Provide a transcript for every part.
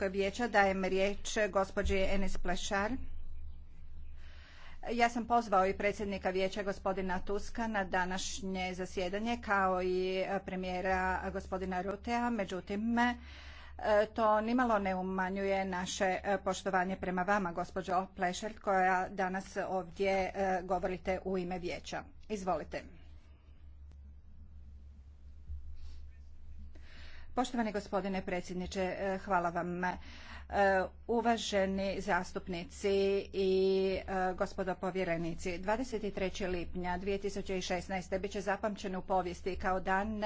vijeća dajem riječ gospođi Enis Plešar. Ja sam pozvao i predsjednika vijeća gospodina Tuska na današnje zasjedanje kao i premijera gospodina Rutea, međutim to nimalo ne umanjuje naše poštovanje prema vama gospođo Plešar, koja danas ovdje eh, govorite u ime vijeća. Izvolite. Poštovani gospodine predsjedniče, e, hvala vam. E, uvaženi zastupnici i e, gospodo povjerenici, 23. lipnja 2016. bit će zapamćen u povijesti kao dan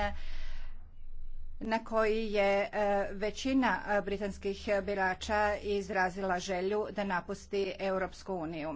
na koji je većina britanskih birača izrazila želju da napusti Europsku uniju.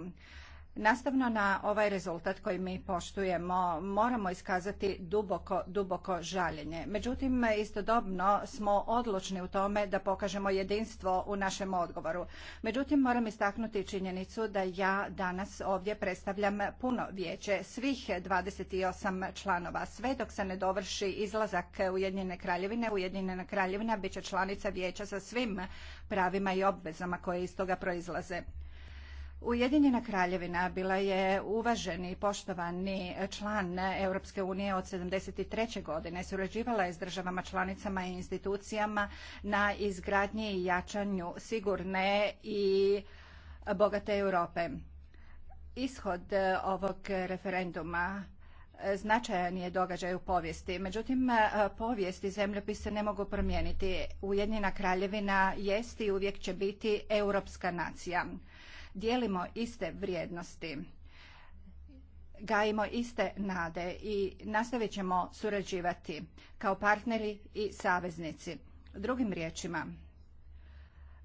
Nastavno na ovaj rezultat koji mi poštujemo, moramo iskazati duboko, duboko žaljenje. Međutim, istodobno smo odlučni u tome da pokažemo jedinstvo u našem odgovoru. Međutim, moram istaknuti činjenicu da ja danas ovdje predstavljam puno vijeće svih 28 članova. Sve dok se ne dovrši izlazak Ujedinjene kraljevine, Ujedinjena kraljevina bit će članica vijeća sa svim pravima i obvezama koje iz toga proizlaze. Ujedinjena kraljevina bila je uvaženi i poštovani član Europske unije od 73. godine. Surađivala je s državama članicama i institucijama na izgradnji i jačanju sigurne i bogate Europe. Ishod ovog referenduma značajan je događaj u povijesti. Međutim, povijest i zemljopis se ne mogu promijeniti. Ujedinjena kraljevina jest i uvijek će biti europska nacija dijelimo iste vrijednosti, gajimo iste nade i nastavit ćemo surađivati kao partneri i saveznici. Drugim riječima,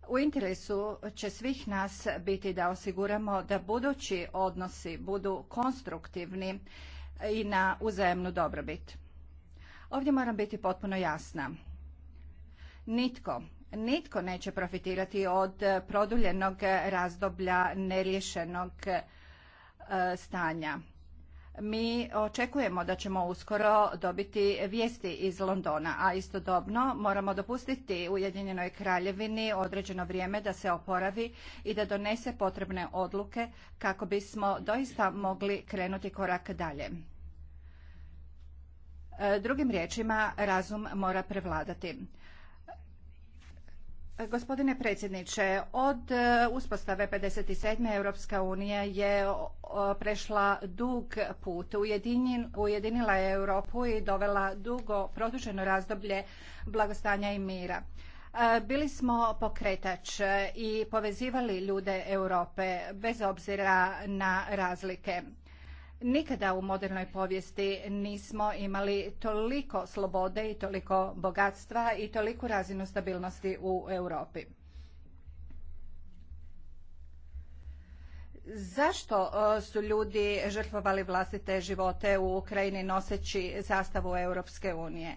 u interesu će svih nas biti da osiguramo da budući odnosi budu konstruktivni i na uzajemnu dobrobit. Ovdje moram biti potpuno jasna. Nitko nitko neće profitirati od eh, produljenog eh, razdoblja neriješenog eh, stanja. Mi očekujemo da ćemo uskoro dobiti vijesti iz Londona, a istodobno moramo dopustiti Ujedinjenoj kraljevini određeno vrijeme da se oporavi i da donese potrebne odluke kako bismo doista mogli krenuti korak dalje. Drugim riječima, razum mora prevladati. Gospodine predsjedniče, od e, uspostave 57. Europska unija je prešla dug put, ujedinila je Europu i dovela dugo produženo razdoblje blagostanja i mira. E, bili smo pokretač i povezivali ljude Europe bez obzira na razlike. Nikada u modernoj povijesti nismo imali toliko slobode i toliko bogatstva i toliku razinu stabilnosti u Europi. Zašto e, su ljudi žrtvovali vlastite živote u Ukrajini noseći zastavu Europske unije?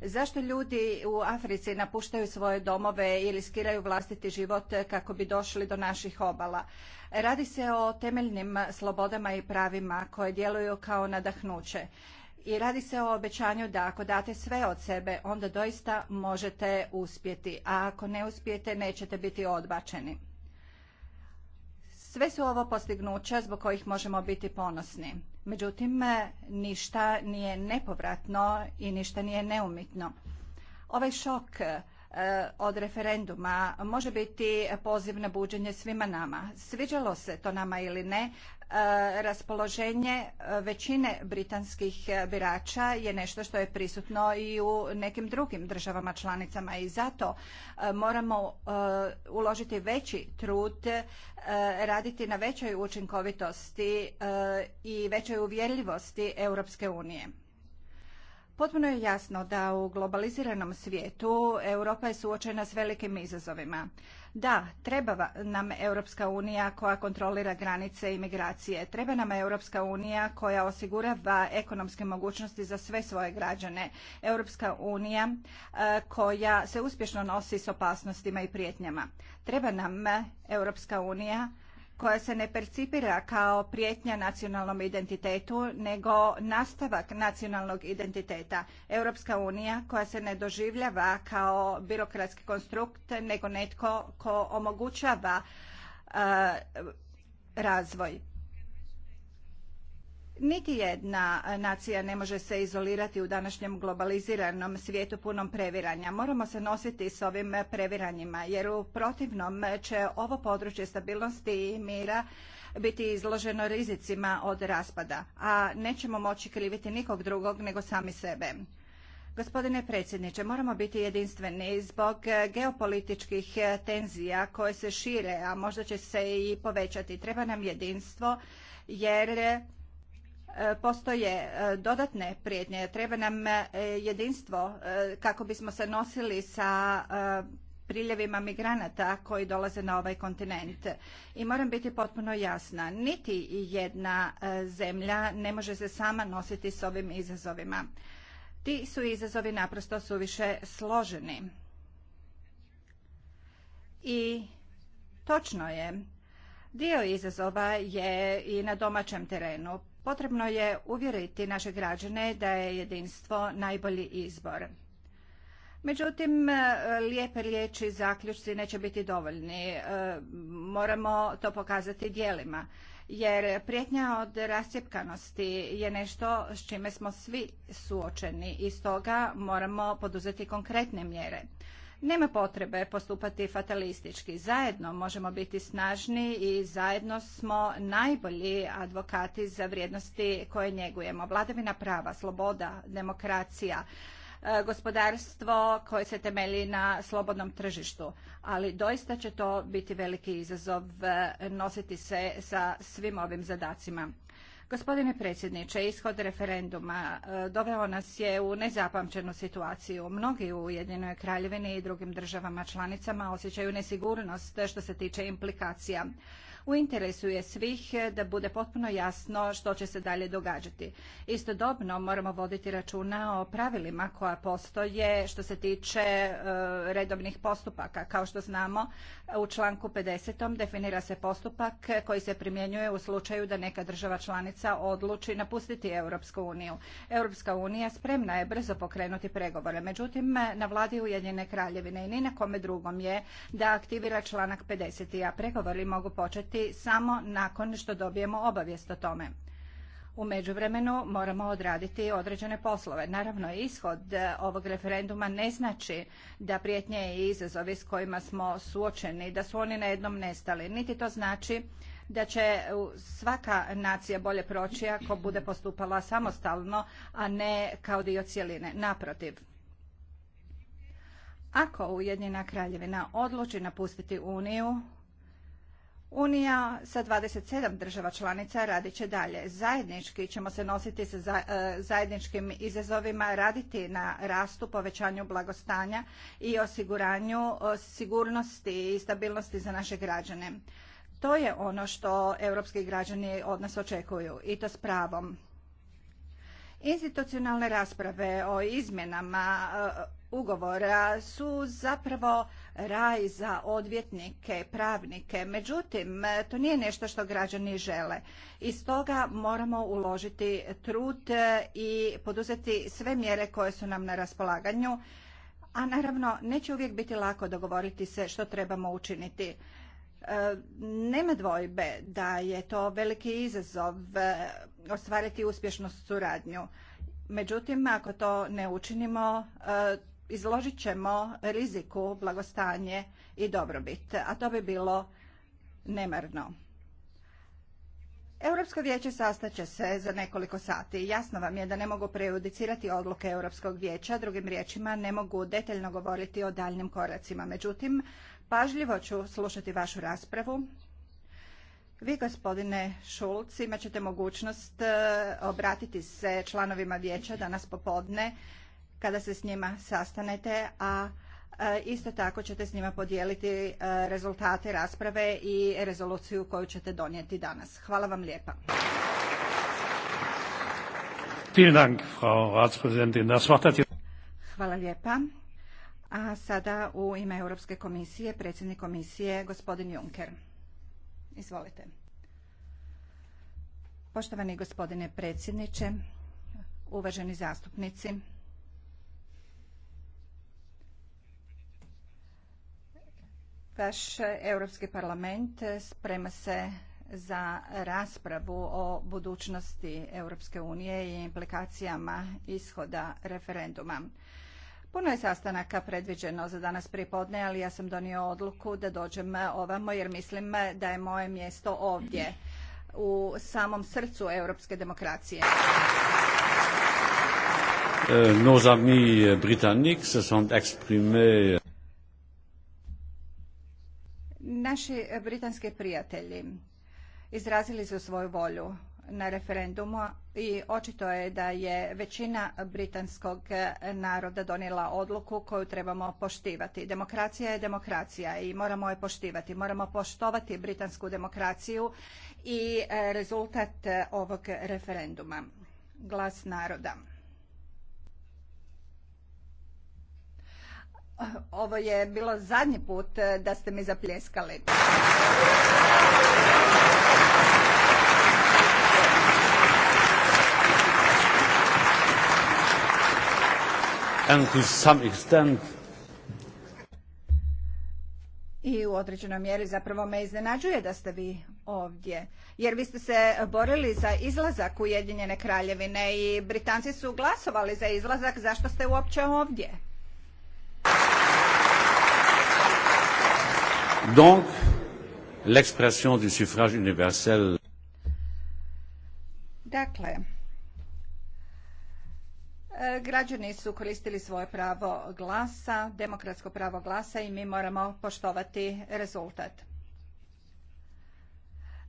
Zašto ljudi u Africi napuštaju svoje domove ili skiraju vlastiti život kako bi došli do naših obala? Radi se o temeljnim slobodama i pravima koje djeluju kao nadahnuće. I radi se o obećanju da ako date sve od sebe, onda doista možete uspjeti, a ako ne uspijete, nećete biti odbačeni. Sve su ovo postignuća zbog kojih možemo biti ponosni. Međutim, ništa nije nepovratno i ništa nije neumitno. Ovaj šok Eh, od referenduma može biti poziv na buđenje svima nama. Sviđalo se to nama ili ne, eh, raspoloženje eh, većine britanskih birača je nešto što je prisutno i u nekim drugim državama članicama i zato moramo uložiti veći trud, raditi na većoj učinkovitosti i većoj uvjerljivosti Europske unije. Potpuno je jasno da u globaliziranom svijetu Europa je suočena s velikim izazovima. Da, treba nam Europska unija koja kontrolira granice i migracije. Treba nam Europska unija koja osigurava ekonomske mogućnosti za sve svoje građane. Europska unija e, koja se uspješno nosi s opasnostima i prijetnjama. Treba nam Europska unija koja se ne percipira kao prijetnja nacionalnom identitetu, nego nastavak nacionalnog identiteta. Europska unija koja se ne doživljava kao birokratski konstrukt, nego netko ko omogućava e, razvoj. Niti jedna nacija ne može se izolirati u današnjem globaliziranom svijetu punom previranja. Moramo se nositi s ovim previranjima jer u protivnom će ovo područje stabilnosti i mira biti izloženo rizicima od raspada, a nećemo moći kriviti nikog drugog nego sami sebe. Gospodine predsjedniče, moramo biti jedinstveni zbog geopolitičkih tenzija koje se šire, a možda će se i povećati. Treba nam jedinstvo jer postoje e, dodatne prijednje. Treba nam e, jedinstvo e, kako bismo se nosili sa priljevima migranata koji dolaze na ovaj kontinent. I moram biti potpuno jasna, niti jedna zemlja ne može se sama nositi s ovim izazovima. Ti su izazovi naprosto suviše složeni. I točno je, dio izazova je i na domaćem terenu. Potrebno je uvjeriti naše građane da je jedinstvo najbolji izbor. Međutim, lijepe riječi i zaključci neće biti dovoljni. E, moramo to pokazati dijelima. Jer prijetnja od rasjepkanosti je nešto s čime smo svi suočeni i stoga moramo poduzeti konkretne mjere. Nema potrebe postupati fatalistički. Zajedno možemo biti snažni i zajedno smo najbolji advokati za vrijednosti koje njegujemo. Vladavina prava, sloboda, demokracija, e, gospodarstvo koje se temelji na slobodnom tržištu. Ali doista će to biti veliki izazov e, nositi se sa svim ovim zadacima. Gospodine predsjedniče, ishod referenduma e, doveo nas je u nezapamćenu situaciju. Mnogi u Ujedinoj kraljevini i drugim državama članicama osjećaju nesigurnost što se tiče implikacija. U interesu je svih da bude potpuno jasno što će se dalje događati. Istodobno moramo voditi računa o pravilima koja postoje što se tiče e, redovnih postupaka. Kao što znamo, u članku 50. definira se postupak koji se primjenjuje u slučaju da neka država članica odluči napustiti Europsku uniju. Europska unija spremna je brzo pokrenuti pregovore. Međutim, na vladi Ujedinjene kraljevine i ni na kome drugom je da aktivira članak 50. A pregovori mogu početi samo nakon što dobijemo obavijest o tome. U međuvremenu moramo odraditi određene poslove. Naravno, ishod e, ovog referenduma ne znači da prijetnje i izazovi s kojima smo suočeni, da su oni jednom nestali. Niti to znači da će svaka nacija bolje proći ako bude postupala samostalno, a ne kao dio cjeline. Naprotiv, ako Ujedinjena kraljevina odluči napustiti Uniju, Unija sa 27 država članica radit će dalje. Zajednički ćemo se nositi sa e, zajedničkim izazovima, raditi na rastu, povećanju blagostanja i osiguranju e, sigurnosti i stabilnosti za naše građane. To je ono što europski građani od nas očekuju i to s pravom. Institucionalne rasprave o izmjenama e, ugovora su zapravo raj za odvjetnike, pravnike. Međutim, to nije nešto što građani žele. I stoga moramo uložiti trud i poduzeti sve mjere koje su nam na raspolaganju. A naravno, neće uvijek biti lako dogovoriti se što trebamo učiniti. E, nema dvojbe da je to veliki izazov e, ostvariti uspješnu suradnju. Međutim, ako to ne učinimo, e, izložit ćemo riziku blagostanje i dobrobit, a to bi bilo nemarno. Europsko vijeće sastaće se za nekoliko sati. Jasno vam je da ne mogu prejudicirati odluke Europskog vijeća, drugim riječima ne mogu detaljno govoriti o daljnim koracima. Međutim, pažljivo ću slušati vašu raspravu. Vi, gospodine Šulc, imat ćete mogućnost eh, obratiti se članovima vijeća danas popodne kada se s njima sastanete, a e, isto tako ćete s njima podijeliti e, rezultate rasprave i rezoluciju koju ćete donijeti danas. Hvala vam lijepa. Hvala lijepa. A sada u ime Europske komisije, predsjednik komisije, gospodin Juncker. Izvolite. Poštovani gospodine predsjedniče, uvaženi zastupnici, Vaš Europski parlament sprema se za raspravu o budućnosti Europske unije i implikacijama ishoda referenduma. Puno je sastanaka predviđeno za danas pripodne, ali ja sam donio odluku da dođem ovamo jer mislim da je moje mjesto ovdje, u samom srcu europske demokracije. Euh, nos amis euh, britanniques se sont exprimés Naši britanski prijatelji izrazili su svoju volju na referendumu i očito je da je većina britanskog naroda donijela odluku koju trebamo poštivati. Demokracija je demokracija i moramo je poštivati. Moramo poštovati britansku demokraciju i rezultat ovog referenduma. Glas naroda. Ovo je bilo zadnji put eh, da ste mi zapljeskali. I u određenoj mjeri zapravo me iznenađuje da ste vi ovdje. Jer vi ste se borili za izlazak Ujedinjene kraljevine i Britanci su glasovali za izlazak. Zašto ste uopće ovdje? Donc, l'expression du suffrage universel. Dakle, e, građani su koristili svoje pravo glasa, demokratsko pravo glasa i mi moramo poštovati rezultat.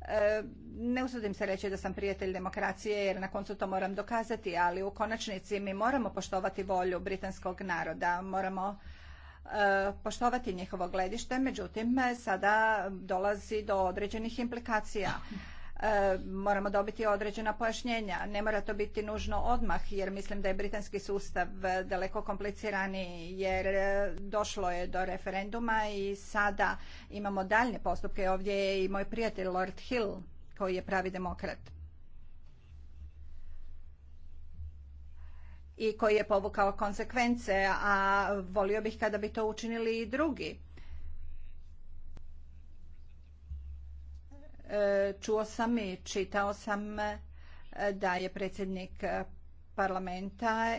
E, ne usudim se reći da sam prijatelj demokracije jer na koncu to moram dokazati, ali u konačnici mi moramo poštovati volju britanskog naroda, moramo E, poštovati njihovo gledište, međutim sada dolazi do određenih implikacija. E, moramo dobiti određena pojašnjenja. Ne mora to biti nužno odmah jer mislim da je britanski sustav daleko kompliciraniji jer došlo je do referenduma i sada imamo daljne postupke. Ovdje je i moj prijatelj Lord Hill koji je pravi demokrat. i koji je povukao konsekvence, a volio bih kada bi to učinili i drugi. E, čuo sam i čitao sam e, da je predsjednik parlamenta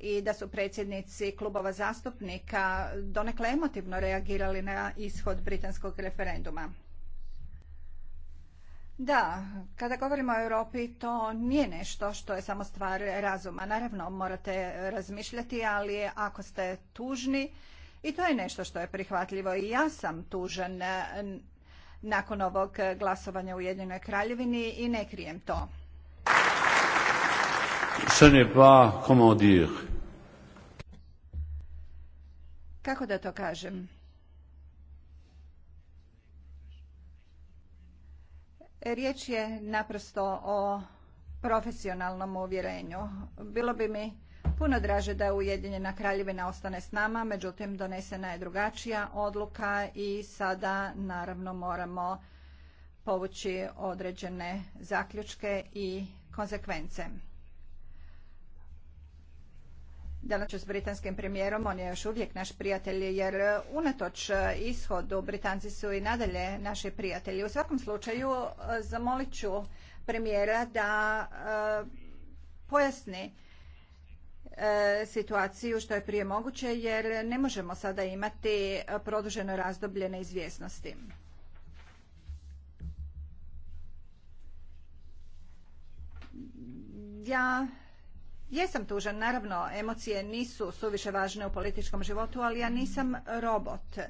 i da su predsjednici klubova zastupnika donekle emotivno reagirali na ishod britanskog referenduma. Da, kada govorimo o Europi to nije nešto što je samo stvar razuma. Naravno morate razmišljati, ali ako ste tužni i to je nešto što je prihvatljivo i ja sam tužen e, nakon ovog glasovanja u Ujedinjenoj Kraljevini i ne krijem to. Kako da to kažem? Riječ je naprosto o profesionalnom uvjerenju. Bilo bi mi puno draže da Ujedinjena kraljevina ostane s nama, međutim donesena je drugačija odluka i sada naravno moramo povući određene zaključke i konsekvence. Danas ću s britanskim premijerom, on je još uvijek naš prijatelj, jer e, unatoč e, ishodu Britanci su i nadalje naši prijatelji. U svakom slučaju e, zamolit ću premijera da pojasni situaciju što je prije moguće, jer ne možemo sada imati produženo razdoblje neizvjesnosti. Ja Jesam tužan, naravno, emocije nisu suviše važne u političkom životu, ali ja nisam robot. E,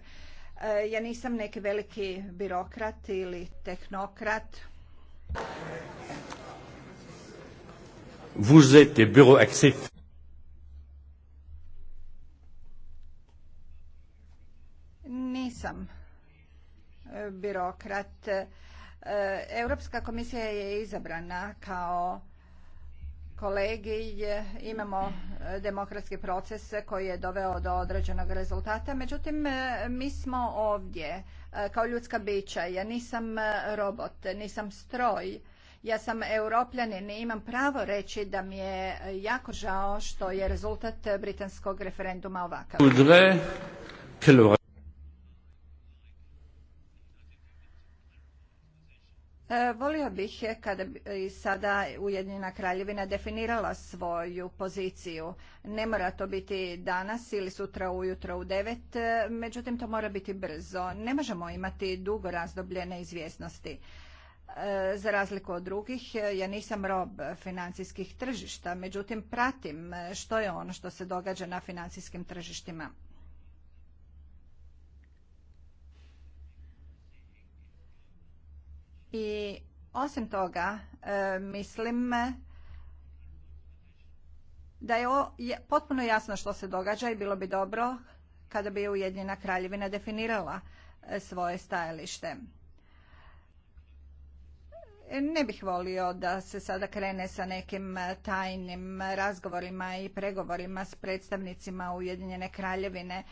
ja nisam neki veliki birokrat ili tehnokrat. Vous êtes Nisam e, birokrat. E, Europska komisija je izabrana kao kolegi imamo e, demokratski proces koji je doveo do određenog rezultata. Međutim, e, mi smo ovdje e, kao ljudska bića. Ja nisam robot, nisam stroj. Ja sam europljanin i imam pravo reći da mi je jako žao što je rezultat britanskog referenduma ovakav. E, volio bih kada bi sada Ujedinjena kraljevina definirala svoju poziciju. Ne mora to biti danas ili sutra ujutro u devet, e, međutim to mora biti brzo. Ne možemo imati dugo razdoblje neizvjesnosti. E, za razliku od drugih, ja nisam rob financijskih tržišta, međutim pratim što je ono što se događa na financijskim tržištima. I osim toga, e, mislim e, da je potpuno jasno što se događa i bilo bi dobro kada bi Ujedinjena kraljevina definirala e, svoje stajalište. Ne bih volio da se sada krene sa nekim tajnim razgovorima i pregovorima s predstavnicima Ujedinjene kraljevine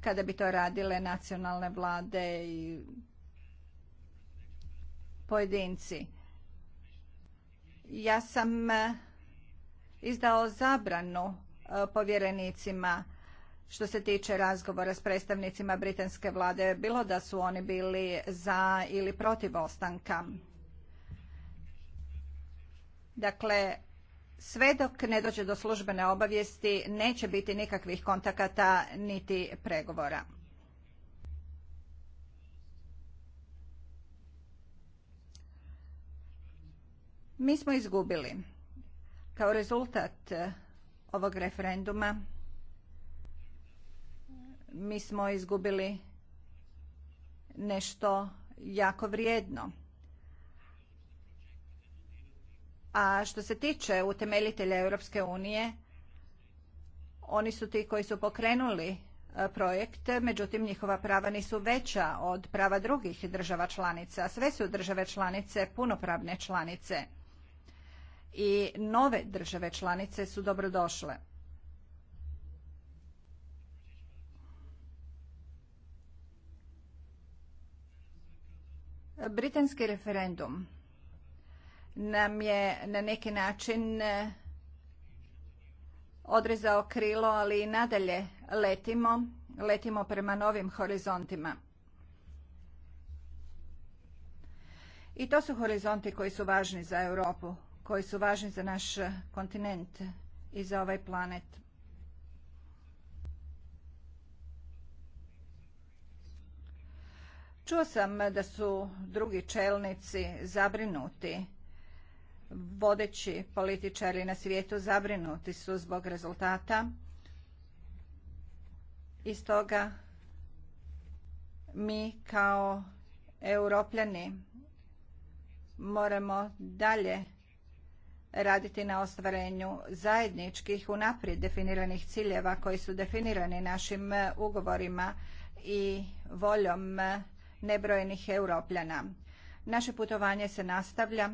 kada bi to radile nacionalne vlade i pojedinci. Ja sam e, izdao zabranu e, povjerenicima što se tiče razgovora s predstavnicima britanske vlade, bilo da su oni bili za ili protiv ostanka. Dakle, sve dok ne dođe do službene obavijesti neće biti nikakvih kontakata niti pregovora. Mi smo izgubili. Kao rezultat e, ovog referenduma mi smo izgubili nešto jako vrijedno. A što se tiče utemeljitelja Europske unije, oni su ti koji su pokrenuli e, projekt, međutim njihova prava nisu veća od prava drugih država članica. Sve su države članice punopravne članice i nove države članice su dobrodošle. Britanski referendum nam je na neki način e, odrezao krilo, ali i nadalje letimo, letimo prema novim horizontima. I to su horizonti koji su važni za Europu koji su važni za naš kontinent i za ovaj planet. Čuo sam da su drugi čelnici zabrinuti, vodeći političari na svijetu zabrinuti su zbog rezultata. I stoga mi kao europljani moramo dalje raditi na ostvarenju zajedničkih unaprijed definiranih ciljeva koji su definirani našim e, ugovorima i voljom e, nebrojenih europljana. Naše putovanje se nastavlja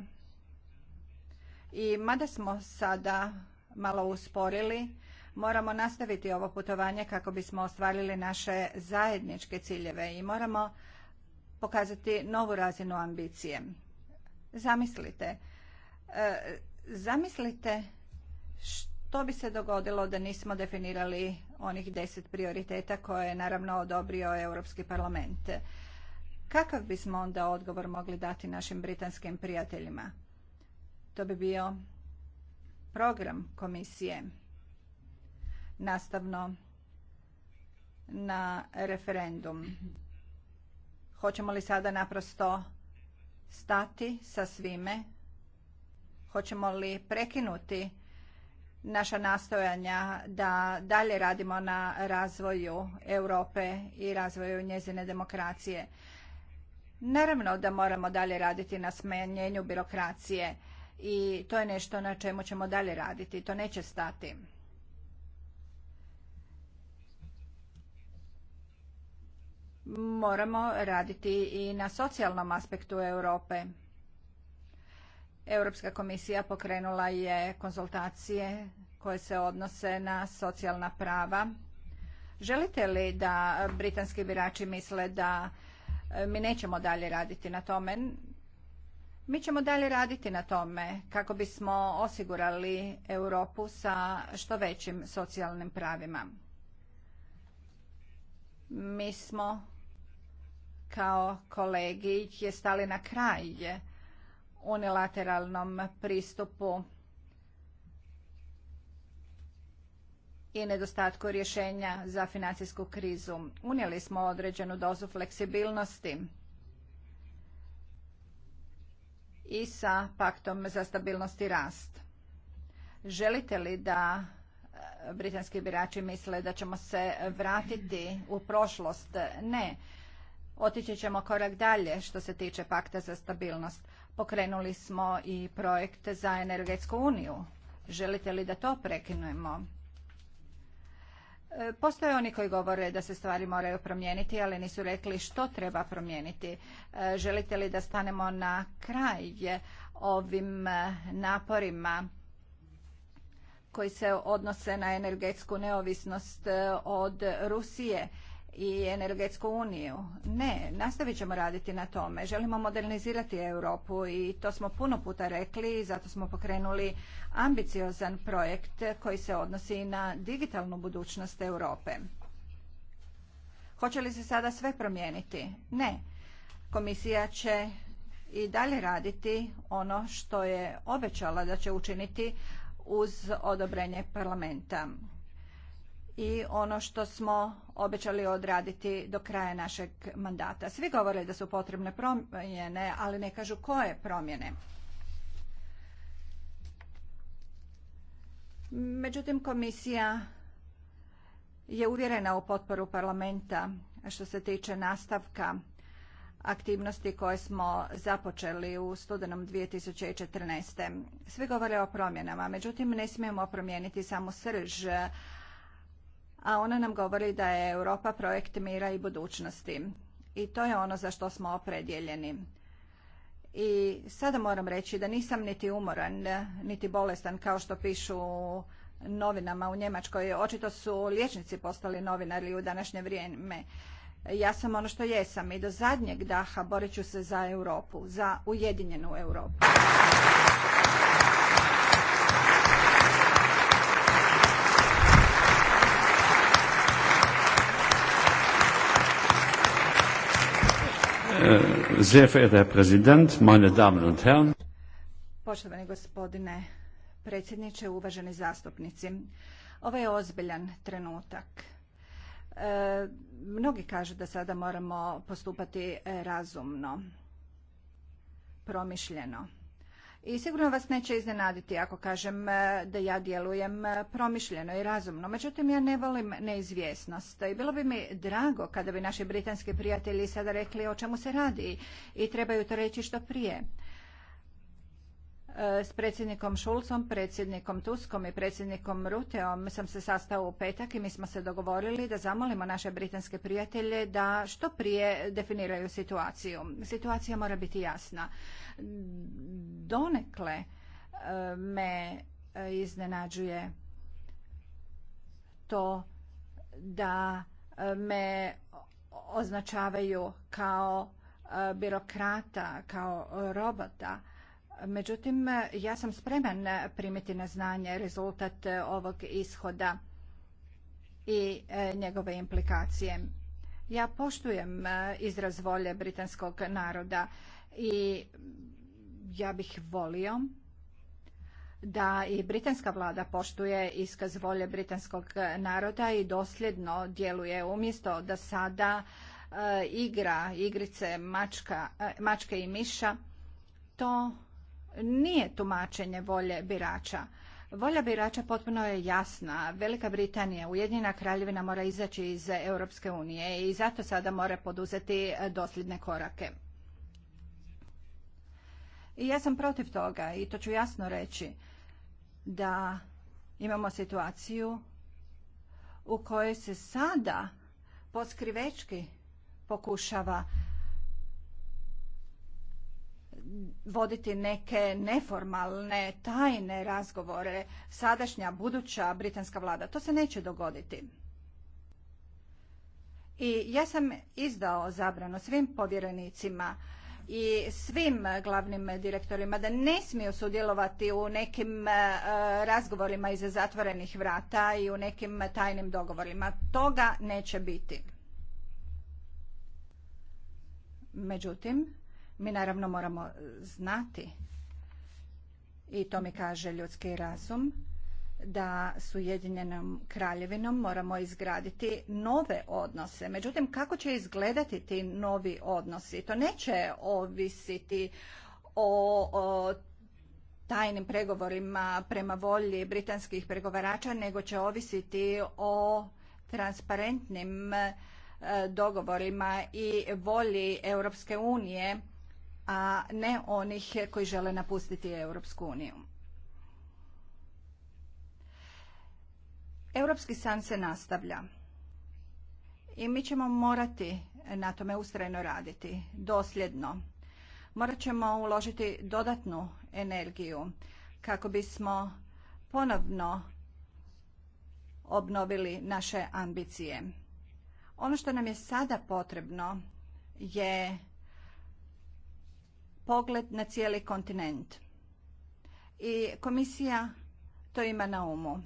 i mada smo sada malo usporili, moramo nastaviti ovo putovanje kako bismo ostvarili naše zajedničke ciljeve i moramo pokazati novu razinu ambicije. Zamislite, e, Zamislite što bi se dogodilo da nismo definirali onih deset prioriteta koje je naravno odobrio Europski parlament. Kakav bismo onda odgovor mogli dati našim britanskim prijateljima? To bi bio program komisije nastavno na referendum. Hoćemo li sada naprosto stati sa svime Hoćemo li prekinuti naša nastojanja da dalje radimo na razvoju Europe i razvoju njezine demokracije? Naravno da moramo dalje raditi na smanjenju birokracije i to je nešto na čemu ćemo dalje raditi. To neće stati. Moramo raditi i na socijalnom aspektu Europe. Europska komisija pokrenula je konzultacije koje se odnose na socijalna prava. Želite li da britanski birači misle da e, mi nećemo dalje raditi na tome? Mi ćemo dalje raditi na tome kako bismo osigurali Europu sa što većim socijalnim pravima. Mi smo kao kolegi je stali na kraj unilateralnom pristupu i nedostatku rješenja za financijsku krizu. Unijeli smo određenu dozu fleksibilnosti i sa paktom za stabilnost i rast. Želite li da e, britanski birači misle da ćemo se vratiti u prošlost? Ne. Otići ćemo korak dalje što se tiče pakta za stabilnost. Pokrenuli smo i projekt za energetsku uniju. Želite li da to prekinujemo? E, postoje oni koji govore da se stvari moraju promijeniti, ali nisu rekli što treba promijeniti. E, želite li da stanemo na kraj ovim e, naporima koji se odnose na energetsku neovisnost od Rusije? i energetsku uniju. Ne, nastavit ćemo raditi na tome. Želimo modernizirati Europu i to smo puno puta rekli i zato smo pokrenuli ambiciozan projekt koji se odnosi na digitalnu budućnost Europe. Hoće li se sada sve promijeniti? Ne. Komisija će i dalje raditi ono što je obećala da će učiniti uz odobrenje parlamenta i ono što smo obećali odraditi do kraja našeg mandata. Svi govore da su potrebne promjene, ali ne kažu koje promjene. Međutim, komisija je uvjerena u potporu parlamenta što se tiče nastavka aktivnosti koje smo započeli u studenom 2014. Svi govore o promjenama, međutim ne smijemo promijeniti samo srž a ona nam govori da je Europa projekt mira i budućnosti. I to je ono za što smo opredjeljeni. I sada moram reći da nisam niti umoran, niti bolestan kao što pišu novinama u Njemačkoj. Očito su liječnici postali novinari u današnje vrijeme. Ja sam ono što jesam i do zadnjeg daha borit ću se za Europu, za ujedinjenu Europu. Eh, sehr verehrter Präsident, meine Damen und Herren. Poštovani gospodine predsjedniče, uvaženi zastupnici. Ovo je ozbiljan trenutak. Eh, mnogi kažu da sada moramo postupati eh, razumno, promišljeno. I sigurno vas neće iznenaditi ako kažem e, da ja djelujem e, promišljeno i razumno. Međutim, ja ne volim neizvjesnost. I bilo bi mi drago kada bi naši britanski prijatelji sada rekli o čemu se radi i trebaju to reći što prije s predsjednikom Šulcom, predsjednikom Tuskom i predsjednikom Ruteom sam se sastao u petak i mi smo se dogovorili da zamolimo naše britanske prijatelje da što prije definiraju situaciju. Situacija mora biti jasna. Donekle e, me e, iznenađuje to da e, me označavaju kao birokrata, kao robota Međutim, ja sam spreman primiti na znanje rezultat ovog ishoda i e, njegove implikacije. Ja poštujem e, izraz volje britanskog naroda i ja bih volio da i britanska vlada poštuje iskaz volje britanskog naroda i dosljedno djeluje umjesto da sada e, igra igrice mačke i miša. To nije tumačenje volje birača. Volja birača potpuno je jasna. Velika Britanija, Ujedinjena kraljevina mora izaći iz Europske unije i zato sada mora poduzeti e, dosljedne korake. I ja sam protiv toga i to ću jasno reći da imamo situaciju u kojoj se sada poskrivečki pokušava voditi neke neformalne, tajne razgovore, sadašnja, buduća britanska vlada. To se neće dogoditi. I ja sam izdao zabranu svim povjerenicima i svim glavnim direktorima da ne smiju sudjelovati u nekim e, razgovorima iza zatvorenih vrata i u nekim tajnim dogovorima. Toga neće biti. Međutim, mi naravno moramo znati, i to mi kaže ljudski razum, da s Ujedinjenom kraljevinom moramo izgraditi nove odnose. Međutim, kako će izgledati ti novi odnosi? To neće ovisiti o, tajnim pregovorima prema volji britanskih pregovarača, nego će ovisiti o transparentnim e, dogovorima i volji Europske unije a ne onih koji žele napustiti Europsku uniju. Europski san se nastavlja i mi ćemo morati na tome ustrajno raditi, dosljedno. Morat ćemo uložiti dodatnu energiju kako bismo ponovno obnovili naše ambicije. Ono što nam je sada potrebno je pogled na cijeli kontinent. I komisija to ima na umu. E,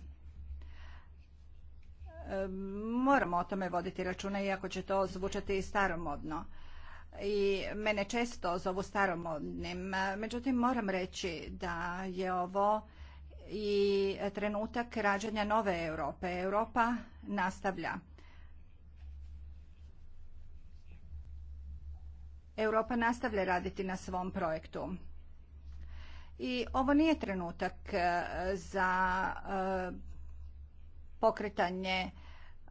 moramo o tome voditi računa, iako će to zvučati staromodno. I mene često zovu staromodnim. Međutim, moram reći da je ovo i trenutak rađanja nove Europe. Europa nastavlja Europa nastavlja raditi na svom projektu. I ovo nije trenutak e, za e, pokretanje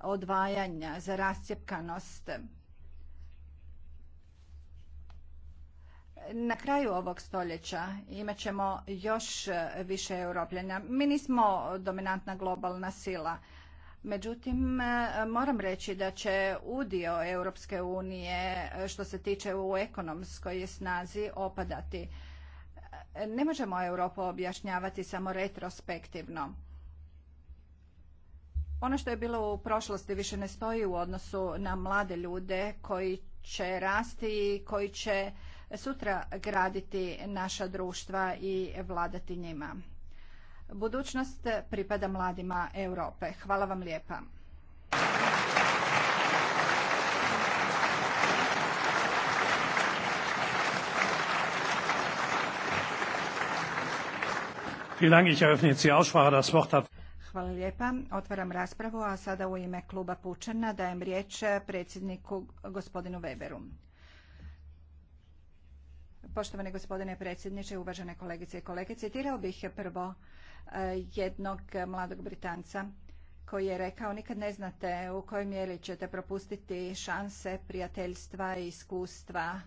odvajanja, za rascjepkanost. Na kraju ovog stoljeća imat ćemo još više europljenja. Mi nismo dominantna globalna sila. Međutim, e, moram reći da će udio Europske unije e, što se tiče u ekonomskoj snazi opadati. E, ne možemo Europu objašnjavati samo retrospektivno. Ono što je bilo u prošlosti više ne stoji u odnosu na mlade ljude koji će rasti i koji će sutra graditi naša društva i vladati njima. Budućnost pripada mladima Europe. Hvala vam lijepa. Hvala lijepa. Otvaram raspravu, a sada u ime kluba Pučana dajem riječ predsjedniku gospodinu Weberu. Poštovani gospodine predsjedniče, uvažene kolegice i kolege, citirao bih prvo E, jednog mladog Britanca koji je rekao nikad ne znate u kojoj mjeri ćete propustiti šanse, prijateljstva i iskustva.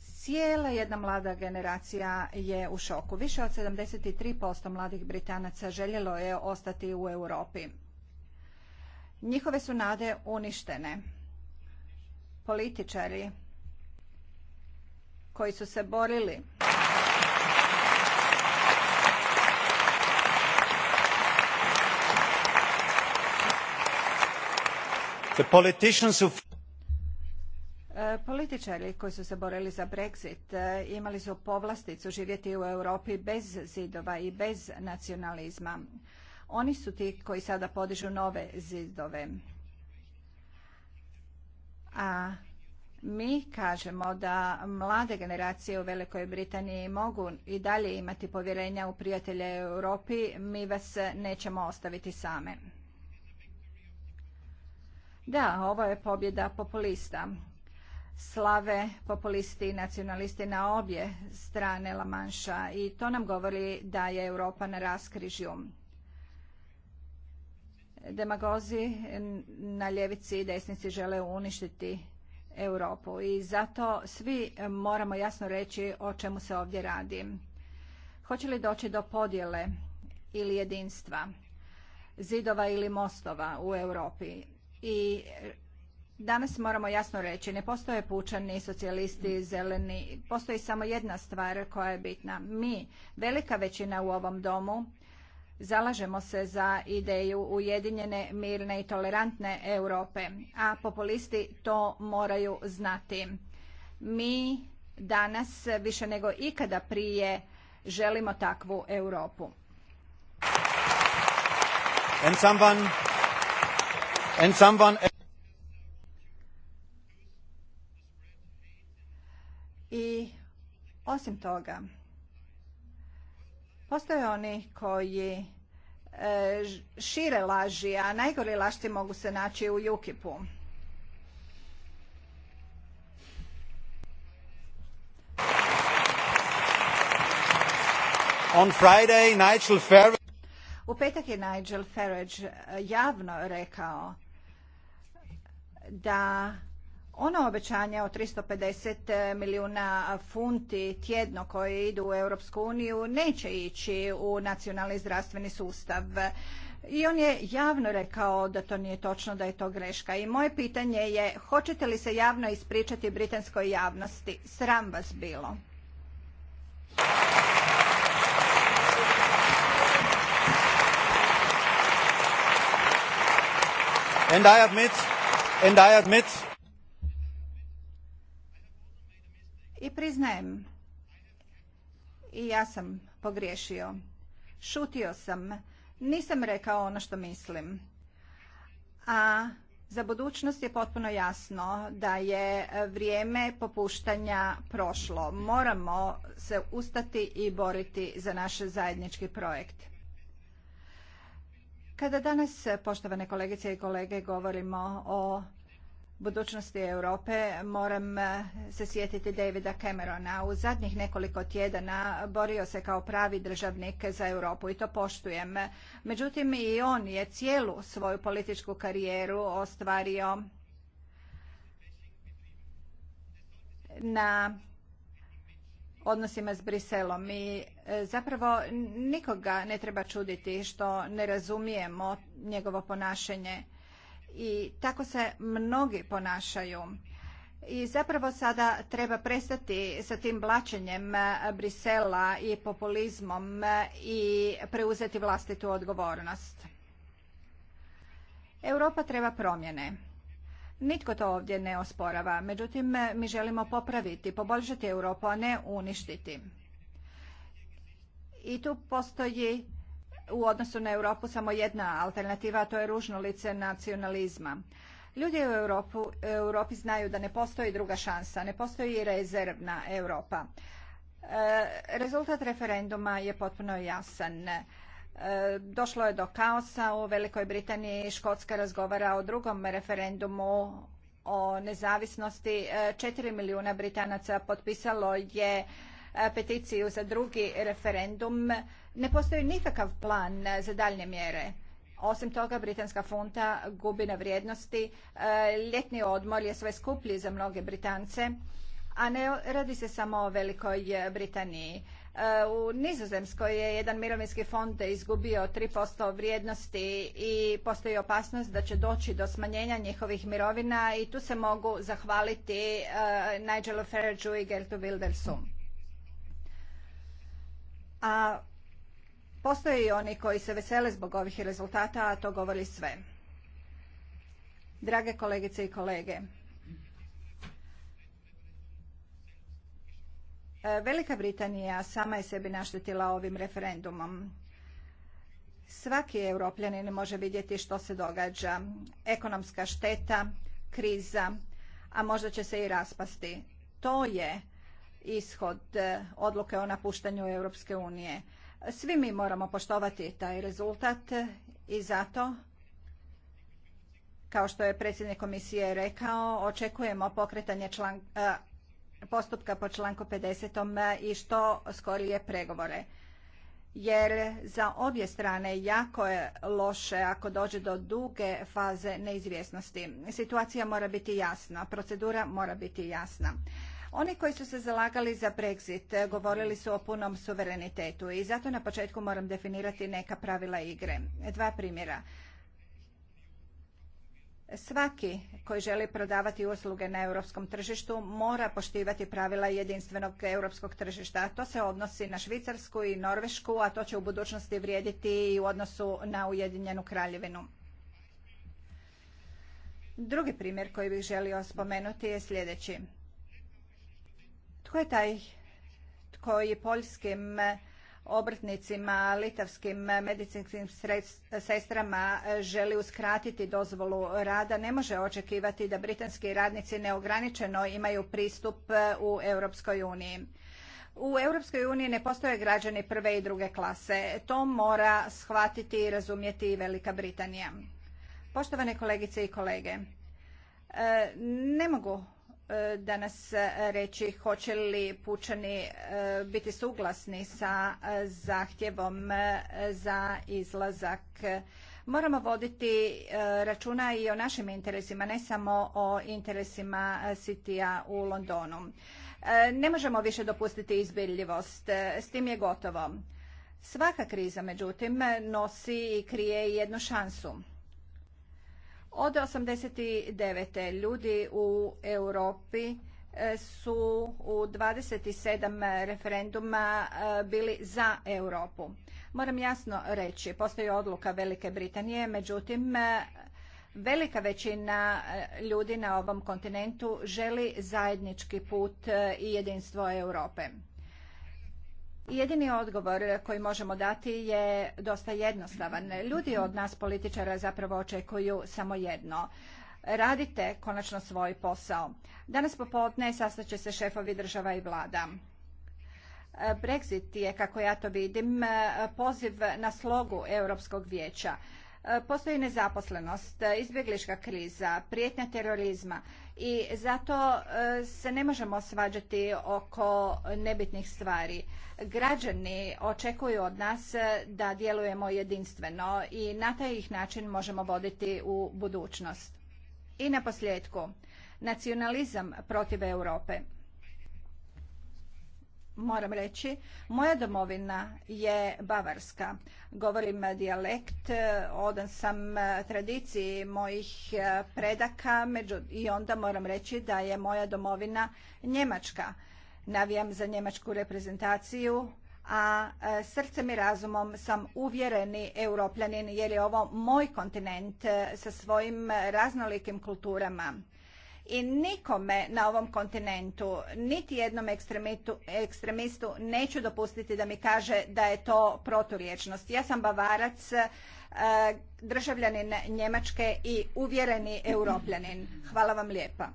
Cijela jedna mlada generacija je u šoku. Više od 73% mladih Britanaca željelo je ostati u Europi. Njihove su nade uništene. Političari koji su se borili E, političari koji su se borili za Brexit e, imali su povlasticu živjeti u Europi bez zidova i bez nacionalizma. Oni su ti koji sada podižu nove zidove. A mi kažemo da mlade generacije u Velikoj Britaniji mogu i dalje imati povjerenja u prijatelje Europi, mi vas nećemo ostaviti same. Da, ovo je pobjeda populista. Slave populisti i nacionalisti na obje strane La Manša i to nam govori da je Europa na raskrižju. Demagozi na ljevici i desnici žele uništiti Europu i zato svi moramo jasno reći o čemu se ovdje radi. Hoće li doći do podjele ili jedinstva, zidova ili mostova u Europi? I e, danas moramo jasno reći, ne postoje pučani, socijalisti, zeleni, postoji samo jedna stvar koja je bitna. Mi, velika većina u ovom domu, Zalažemo se za ideju ujedinjene, mirne i tolerantne Europe, a populisti to moraju znati. Mi danas više nego ikada prije želimo takvu Europu. And and someone I osim toga, postoje oni koji e, šire laži, a najgore lašti mogu se naći u Jukipu. U petak je Nigel Farage e, javno rekao da ono obećanja o 350 milijuna funti tjedno koje idu u Europsku uniju neće ići u nacionalni zdravstveni sustav. I on je javno rekao da to nije točno, da je to greška. I moje pitanje je, hoćete li se javno ispričati britanskoj javnosti? Sram vas bilo. And I admit And I I priznajem, i ja sam pogriješio. Šutio sam, nisam rekao ono što mislim. A za budućnost je potpuno jasno da je vrijeme popuštanja prošlo. Moramo se ustati i boriti za naš zajednički projekt. Kada danas, poštovane kolegice i kolege, govorimo o budućnosti Europe moram eh, se sjetiti Davida Camerona. U zadnjih nekoliko tjedana borio se kao pravi državnik za Europu i to poštujem. Međutim, i on je cijelu svoju političku karijeru ostvario na odnosima s Briselom i e, zapravo nikoga ne treba čuditi što ne razumijemo njegovo ponašanje i tako se mnogi ponašaju. I zapravo sada treba prestati sa tim blačenjem Brisela i populizmom i preuzeti vlastitu odgovornost. Europa treba promjene Nitko to ovdje ne osporava, međutim mi želimo popraviti, poboljšati Europu, a ne uništiti. I tu postoji u odnosu na Europu samo jedna alternativa, a to je ružno lice nacionalizma. Ljudi u Europu, Europi znaju da ne postoji druga šansa, ne postoji rezervna Europa. E, rezultat referenduma je potpuno jasan. E, došlo je do kaosa u Velikoj Britaniji. Škotska razgovara o drugom referendumu o nezavisnosti. E, četiri milijuna Britanaca potpisalo je e, peticiju za drugi referendum. Ne postoji nikakav plan za daljnje mjere. Osim toga, britanska funta gubi na vrijednosti. Ljetni odmor je sve skuplji za mnoge Britance, a ne radi se samo o Velikoj Britaniji. U Nizozemskoj je jedan mirovinski fond izgubio 3% vrijednosti i postoji opasnost da će doći do smanjenja njihovih mirovina i tu se mogu zahvaliti e, Nigelu Farageu i Gertu Wildersu. A postoje i oni koji se vesele zbog ovih rezultata, a to govori sve. Drage kolegice i kolege, E, Velika Britanija sama je sebi naštetila ovim referendumom. Svaki europljanin može vidjeti što se događa. Ekonomska šteta, kriza, a možda će se i raspasti. To je ishod e, odluke o napuštanju Europske unije. Svi mi moramo poštovati taj rezultat e, i zato kao što je predsjednik komisije rekao, očekujemo pokretanje postupka po članku 50. i što skorije pregovore. Jer za obje strane jako je loše ako dođe do duge faze neizvjesnosti. Situacija mora biti jasna, procedura mora biti jasna. Oni koji su se zalagali za Brexit govorili su o punom suverenitetu i zato na početku moram definirati neka pravila igre. Dva primjera. Svaki koji želi prodavati usluge na europskom tržištu mora poštivati pravila jedinstvenog europskog tržišta. to se odnosi na Švicarsku i Norvešku, a to će u budućnosti vrijediti i u odnosu na Ujedinjenu kraljevinu. Drugi primjer koji bih želio spomenuti je sljedeći. Tko je taj koji poljskim obrtnicima, litavskim medicinskim sestrama želi uskratiti dozvolu rada, ne može očekivati da britanski radnici neograničeno imaju pristup e, u Europskoj uniji. U Europskoj uniji ne postoje građani prve i druge klase. To mora shvatiti i razumjeti i Velika Britanija. Poštovane kolegice i kolege, e, ne mogu E, danas reći hoće li pučani e, biti suglasni sa e, zahtjevom za izlazak. Moramo voditi računa i o našim interesima, ne samo o interesima Sitija u Londonu. Ne možemo više dopustiti izbiljivost, s tim je gotovo. Svaka kriza, međutim, nosi i krije jednu šansu. Od 1989. ljudi u Europi e, su u 27 referenduma e, bili za Europu. Moram jasno reći, postoji odluka Velike Britanije, međutim e, velika većina ljudi na ovom kontinentu želi zajednički put i jedinstvo Europe. Jedini odgovor koji možemo dati je dosta jednostavan. Ljudi od nas političara zapravo očekuju samo jedno. Radite konačno svoj posao. Danas popodne sastaće se šefovi država i vlada. Brexit je, kako ja to vidim, poziv na slogu Europskog vijeća. Postoji nezaposlenost, izbjeglička kriza, prijetnja terorizma i zato e, se ne možemo svađati oko nebitnih stvari. Građani očekuju od nas e, da djelujemo jedinstveno i na taj ih način možemo voditi u budućnost. I na posljedku, nacionalizam protiv Europe moram reći, moja domovina je Bavarska. Govorim dijalekt, e, odan sam e, tradiciji mojih e, predaka i onda moram reći da je moja domovina Njemačka. Navijam za njemačku reprezentaciju, a srcem i razumom sam uvjereni europljanin jer je ovo moj kontinent sa svojim raznolikim kulturama i nikome na ovom kontinentu, niti jednom ekstremistu neću dopustiti da mi kaže da je to proturječnost. Ja sam bavarac, e, državljanin Njemačke i uvjereni europljanin. Hvala vam lijepa.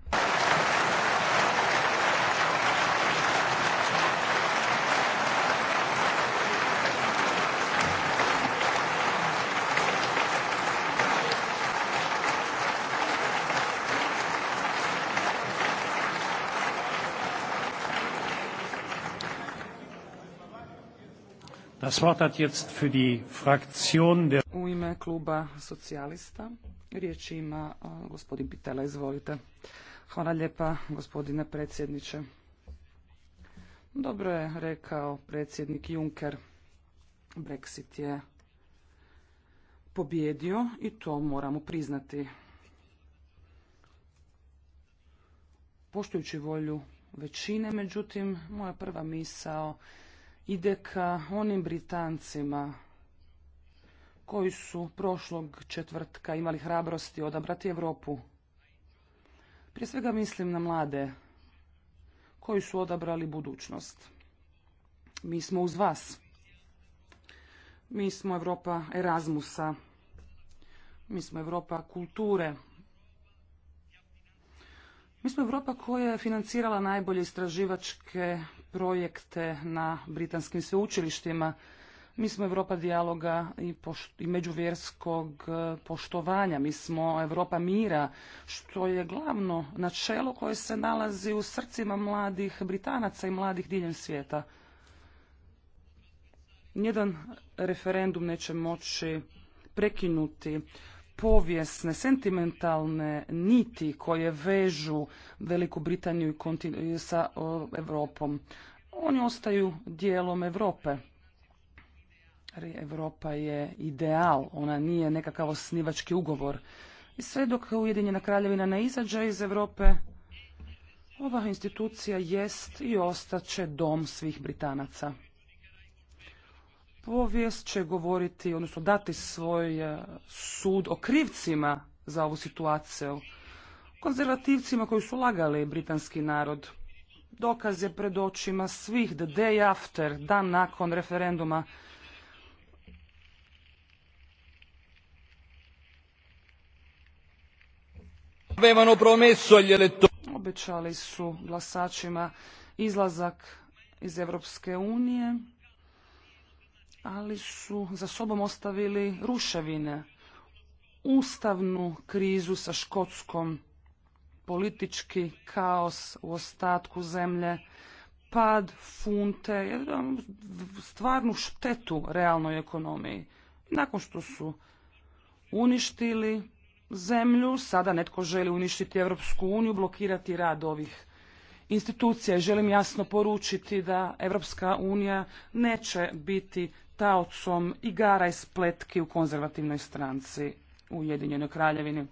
U ime kluba socijalista riječ ima gospodin Pitela, izvolite. Hvala lijepa gospodine predsjedniče. Dobro je rekao predsjednik Juncker. Brexit je pobjedio i to moramo priznati. Poštujući volju većine, međutim, moja prva misao ide ka onim Britancima koji su prošlog četvrtka imali hrabrosti odabrati Europu. Prije svega mislim na mlade koji su odabrali budućnost. Mi smo uz vas. Mi smo Europa Erasmusa. Mi smo Europa kulture. Mi smo Europa koja je financirala najbolje istraživačke projekte na britanskim sveučilištima. Mi smo Europa dijaloga i, i međuvjerskog e, poštovanja, mi smo Europa mira, što je glavno načelo koje se nalazi u srcima mladih Britanaca i mladih diljem svijeta. Nijedan referendum neće moći prekinuti povijesne, sentimentalne niti koje vežu Veliku Britaniju sa Europom. Oni ostaju dijelom Europe. Europa je ideal, ona nije nekakav osnivački ugovor. I sve dok Ujedinjena kraljevina ne izađe iz Europe, ova institucija jest i ostaće dom svih Britanaca povijest će govoriti, odnosno dati svoj e, sud o krivcima za ovu situaciju. Konzervativcima koji su lagali britanski narod. Dokaz je pred očima svih the day after, dan nakon referenduma. Avevano promesso elettori. Obećali su glasačima izlazak iz Europske unije ali su za sobom ostavili ruševine, ustavnu krizu sa Škotskom, politički kaos u ostatku zemlje, pad funte, stvarnu štetu realnoj ekonomiji. Nakon što su uništili zemlju, sada netko želi uništiti Europsku uniju, blokirati rad ovih institucija. Želim jasno poručiti da Europska unija neće biti taocom igara i spletki u konzervativnoj stranci u Ujedinjenoj kraljevini.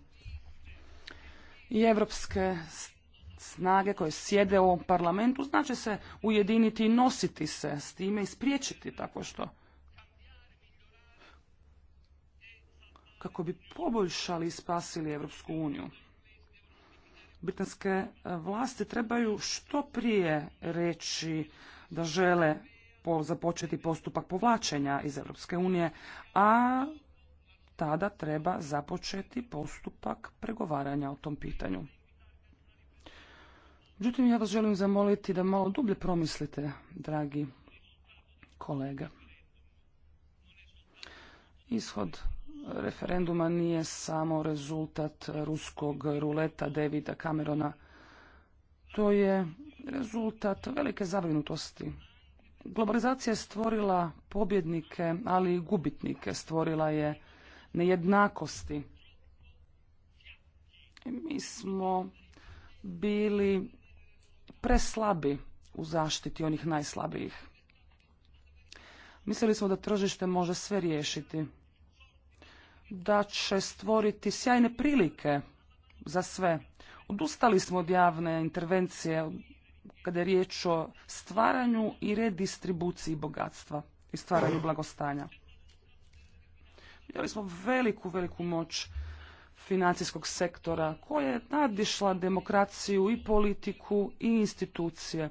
I evropske snage koje sjede u ovom parlamentu znači se ujediniti i nositi se s time i spriječiti tako što. Kako bi poboljšali i spasili Evropsku uniju. Britanske vlasti trebaju što prije reći da žele započeti postupak povlačenja iz Europske unije, a tada treba započeti postupak pregovaranja o tom pitanju. Međutim, ja vas želim zamoliti da malo dublje promislite, dragi kolega. Ishod referenduma nije samo rezultat ruskog ruleta Davida Camerona. To je rezultat velike zabrinutosti Globalizacija je stvorila pobjednike, ali i gubitnike, stvorila je nejednakosti. Mi smo bili preslabi u zaštiti onih najslabijih. Mislili smo da tržište može sve riješiti, da će stvoriti sjajne prilike za sve. Odustali smo od javne intervencije, kada je riječ o stvaranju i redistribuciji bogatstva i stvaranju blagostanja. Vidjeli smo veliku, veliku moć financijskog sektora koja je nadišla demokraciju i politiku i institucije.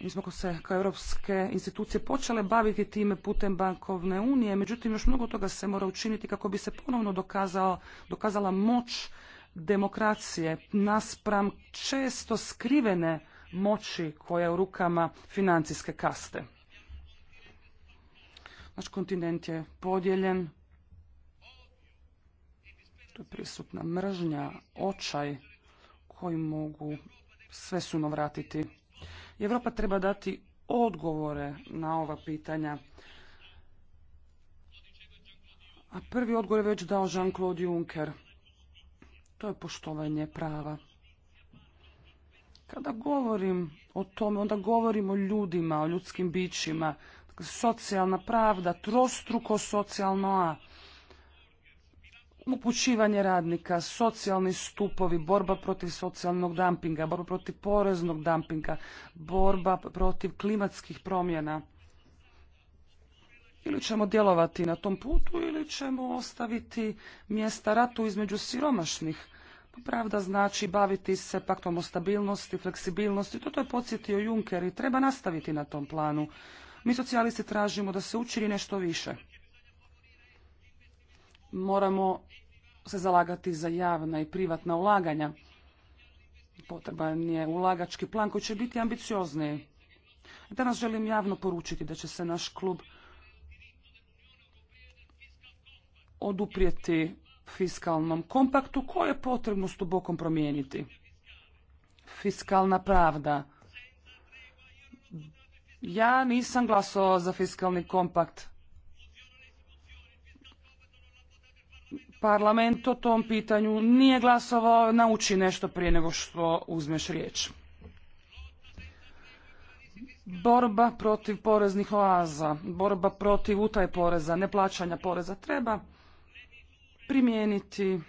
Mi smo se kao europske institucije počele baviti time putem bankovne unije, međutim još mnogo toga se mora učiniti kako bi se ponovno dokazala moć demokracije naspram često skrivene moći koja je u rukama financijske kaste. Naš kontinent je podijeljen, tu je prisutna mržnja, očaj koji mogu sve suno vratiti. Europa treba dati odgovore na ova pitanja. A prvi odgovor je već dao Jean-Claude Juncker – to je poštovanje prava. Kada govorim o tome, onda govorim o ljudima, o ljudskim bićima. socijalna pravda, trostruko socijalno A. Upućivanje radnika, socijalni stupovi, borba protiv socijalnog dumpinga, borba protiv poreznog dumpinga, borba protiv klimatskih promjena. Ili ćemo djelovati na tom putu ili ćemo ostaviti mjesta ratu između siromašnih. Pa pravda znači baviti se paktom o stabilnosti, fleksibilnosti. To, to je podsjetio Juncker i treba nastaviti na tom planu. Mi socijalisti tražimo da se učini nešto više. Moramo se zalagati za javna i privatna ulaganja. Potreban je ulagački plan koji će biti ambiciozniji. Danas želim javno poručiti da će se naš klub oduprijeti fiskalnom kompaktu koje je potrebno s promijeniti. Fiskalna pravda. Ja nisam glasovao za fiskalni kompakt. Parlament o tom pitanju nije glasovao, nauči nešto prije nego što uzmeš riječ. Borba protiv poreznih oaza, borba protiv utaje poreza, neplaćanja poreza treba primijeniti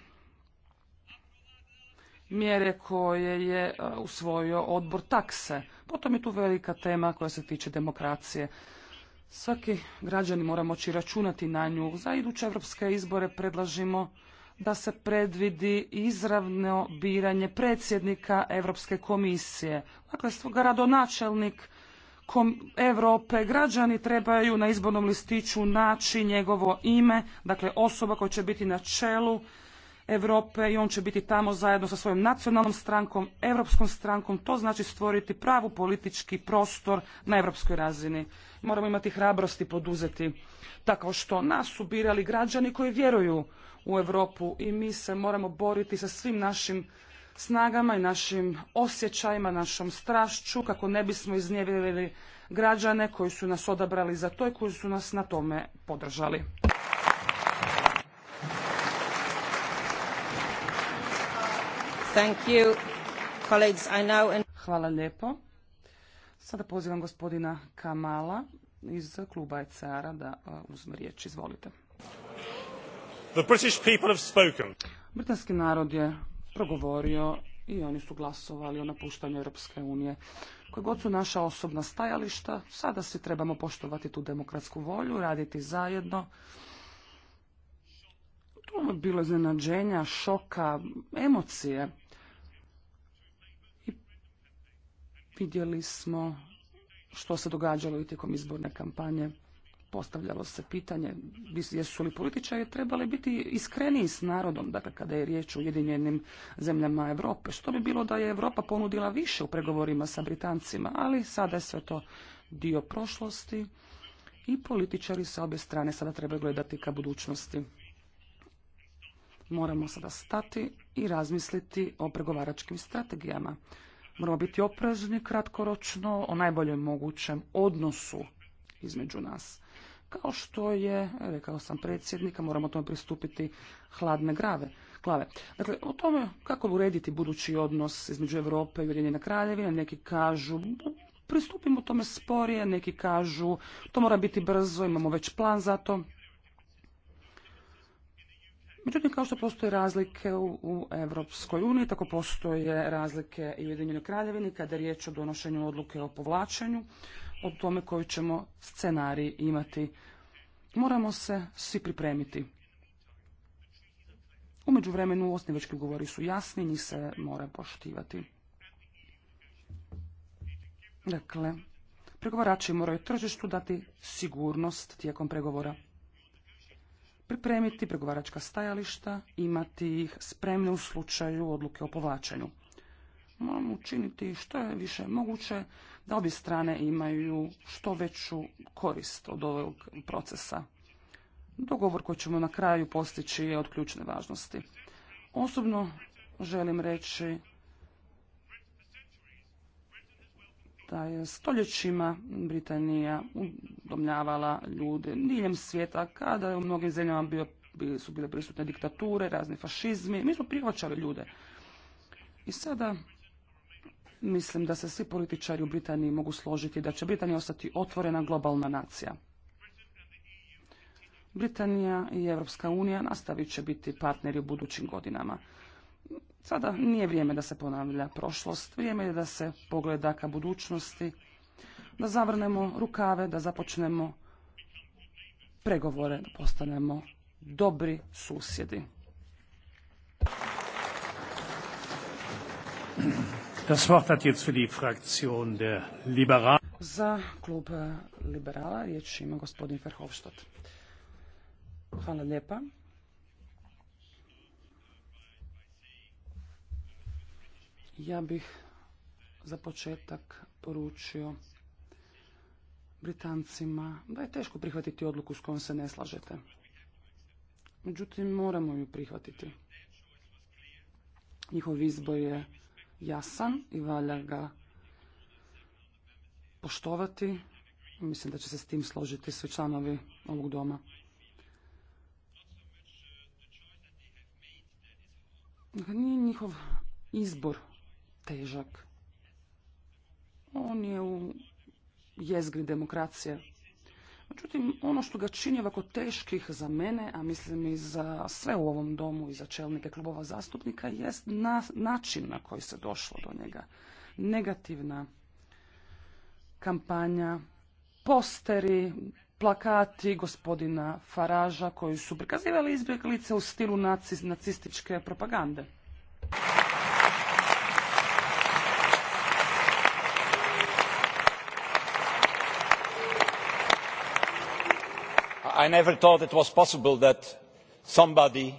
mjere koje je e, usvojio odbor takse. Potom je tu velika tema koja se tiče demokracije. Svaki građani mora moći računati na nju. Za iduće evropske izbore predlažimo da se predvidi izravno biranje predsjednika Europske komisije. Dakle, radonačelnik Europe građani trebaju na izbornom listiću naći njegovo ime, dakle osoba koja će biti na čelu Europe i on će biti tamo zajedno sa svojom nacionalnom strankom, europskom strankom, to znači stvoriti pravu politički prostor na europskoj razini. Moramo imati hrabrosti poduzeti tako što nas su birali građani koji vjeruju u Europu i mi se moramo boriti sa svim našim snagama i našim osjećajima, našom strašću, kako ne bismo iznjevili građane koji su nas odabrali za to i koji su nas na tome podržali. Hvala lijepo. Sada pozivam gospodina Kamala iz kluba ECR-a da uzme riječ. Izvolite. Britanski narod je progovorio i oni su glasovali o napuštanju Europske unije. Koje god su naša osobna stajališta, sada svi trebamo poštovati tu demokratsku volju, raditi zajedno. to je bilo iznenađenja, šoka, emocije. I vidjeli smo što se događalo i tijekom izborne kampanje postavljalo se pitanje jesu li političari trebali biti iskreniji s narodom, dakle kada je riječ o jedinjenim zemljama Europe. Što bi bilo da je Europa ponudila više u pregovorima sa Britancima, ali sada je sve to dio prošlosti i političari sa obje strane sada trebaju gledati ka budućnosti. Moramo sada stati i razmisliti o pregovaračkim strategijama. Moramo biti oprezni kratkoročno o najboljem mogućem odnosu između nas. Kao što je, rekao sam predsjednika, moramo tome pristupiti hladne grave. Glave. Dakle, o tome kako urediti budući odnos između Europe i Ujedinjene kraljevine, neki kažu pristupimo tome sporije, neki kažu to mora biti brzo, imamo već plan za to. Međutim, kao što postoje razlike u, u Evropskoj uniji, tako postoje razlike i u Ujedinjenoj kraljevini kada je riječ o donošenju odluke o povlačenju o tome koji ćemo scenarij imati. Moramo se svi pripremiti. U međuvremenu osnivački ugovori su jasni, njih se mora poštivati. Dakle, pregovarači moraju tržištu dati sigurnost tijekom pregovora. Pripremiti pregovaračka stajališta, imati ih spremne u slučaju odluke o povlačenju moramo učiniti što je više moguće da obje strane imaju što veću korist od ovog procesa. Dogovor koji ćemo na kraju postići je od ključne važnosti. Osobno želim reći da je stoljećima Britanija udomljavala ljude diljem svijeta kada je u mnogim zemljama bio, su bile prisutne diktature, razni fašizmi. Mi smo prihvaćali ljude. I sada Mislim da se svi političari u Britaniji mogu složiti da će Britanija ostati otvorena globalna nacija. Britanija i Europska unija nastavit će biti partneri u budućim godinama. Sada nije vrijeme da se ponavlja prošlost, vrijeme je da se pogleda ka budućnosti, da zavrnemo rukave, da započnemo pregovore, da postanemo dobri susjedi. Za klub eh, liberala riječ ima gospodin Verhofstadt. Hvala lijepa. Ja bih za početak poručio Britancima da je teško prihvatiti odluku s kojom se ne slažete. Međutim, moramo ju prihvatiti. Njihov izbor je jasan i valja ga poštovati. Mislim da će se s tim složiti svi članovi ovog doma. Dakle, nije njihov izbor težak. On je u jezgri demokracije. Međutim, ono što ga čini ovako teških za mene, a mislim i za sve u ovom domu i za čelnike klubova zastupnika, jest na, način na koji se došlo do njega. Negativna kampanja, posteri, plakati gospodina Faraža koji su prikazivali izbjeglice u stilu nacističke propagande. I never thought it was possible that somebody...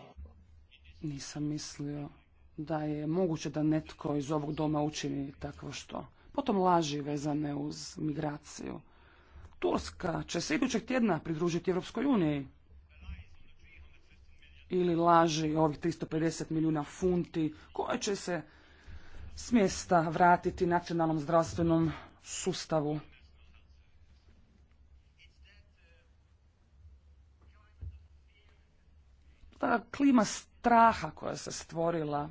Nisam mislio da je moguće da netko iz ovog doma učini takvo što. Potom laži vezane uz migraciju. Turska će se idućeg tjedna pridružiti Europskoj uniji. Ili laži ovih 350 milijuna funti koje će se smjesta vratiti nacionalnom zdravstvenom sustavu. ta klima straha koja se stvorila,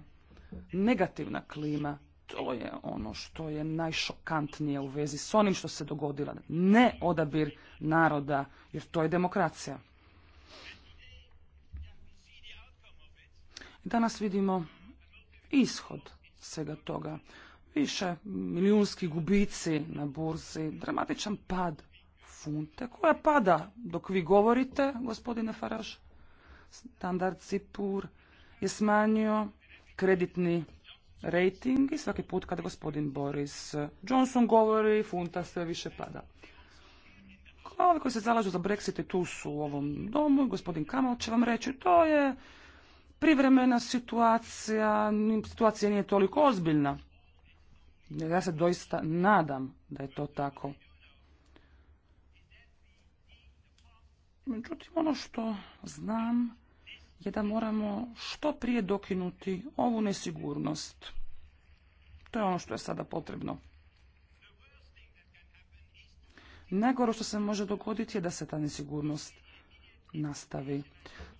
negativna klima, to je ono što je najšokantnije u vezi s onim što se dogodilo. Ne odabir naroda, jer to je demokracija. Danas vidimo ishod svega toga. Više milijunski gubici na burzi, dramatičan pad funte koja pada dok vi govorite, gospodine Faraš standard Cipur je smanjio kreditni rating i svaki put kada gospodin Boris Johnson govori, funta sve više pada. Ovi koji se zalažu za Brexit i tu su u ovom domu, gospodin Kamal će vam reći, to je privremena situacija, situacija nije toliko ozbiljna. Ja se doista nadam da je to tako. Međutim, ono što znam je da moramo što prije dokinuti ovu nesigurnost. To je ono što je sada potrebno. Najgoro što se može dogoditi je da se ta nesigurnost nastavi.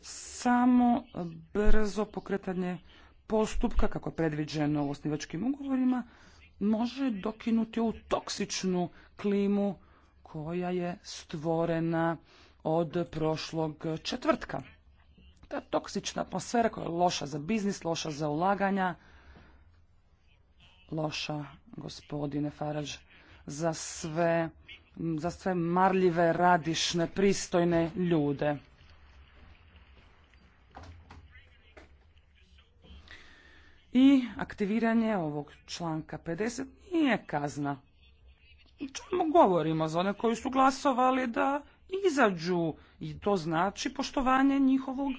Samo brzo pokretanje postupka, kako je predviđeno u osnivačkim ugovorima, može dokinuti ovu toksičnu klimu koja je stvorena od prošlog četvrtka. Ta toksična atmosfera koja je loša za biznis, loša za ulaganja, loša, gospodine Faraš za sve, za sve marljive, radišne, pristojne ljude. I aktiviranje ovog članka 50 nije kazna. Čemu govorimo za one koji su glasovali da izađu i to znači poštovanje njihovog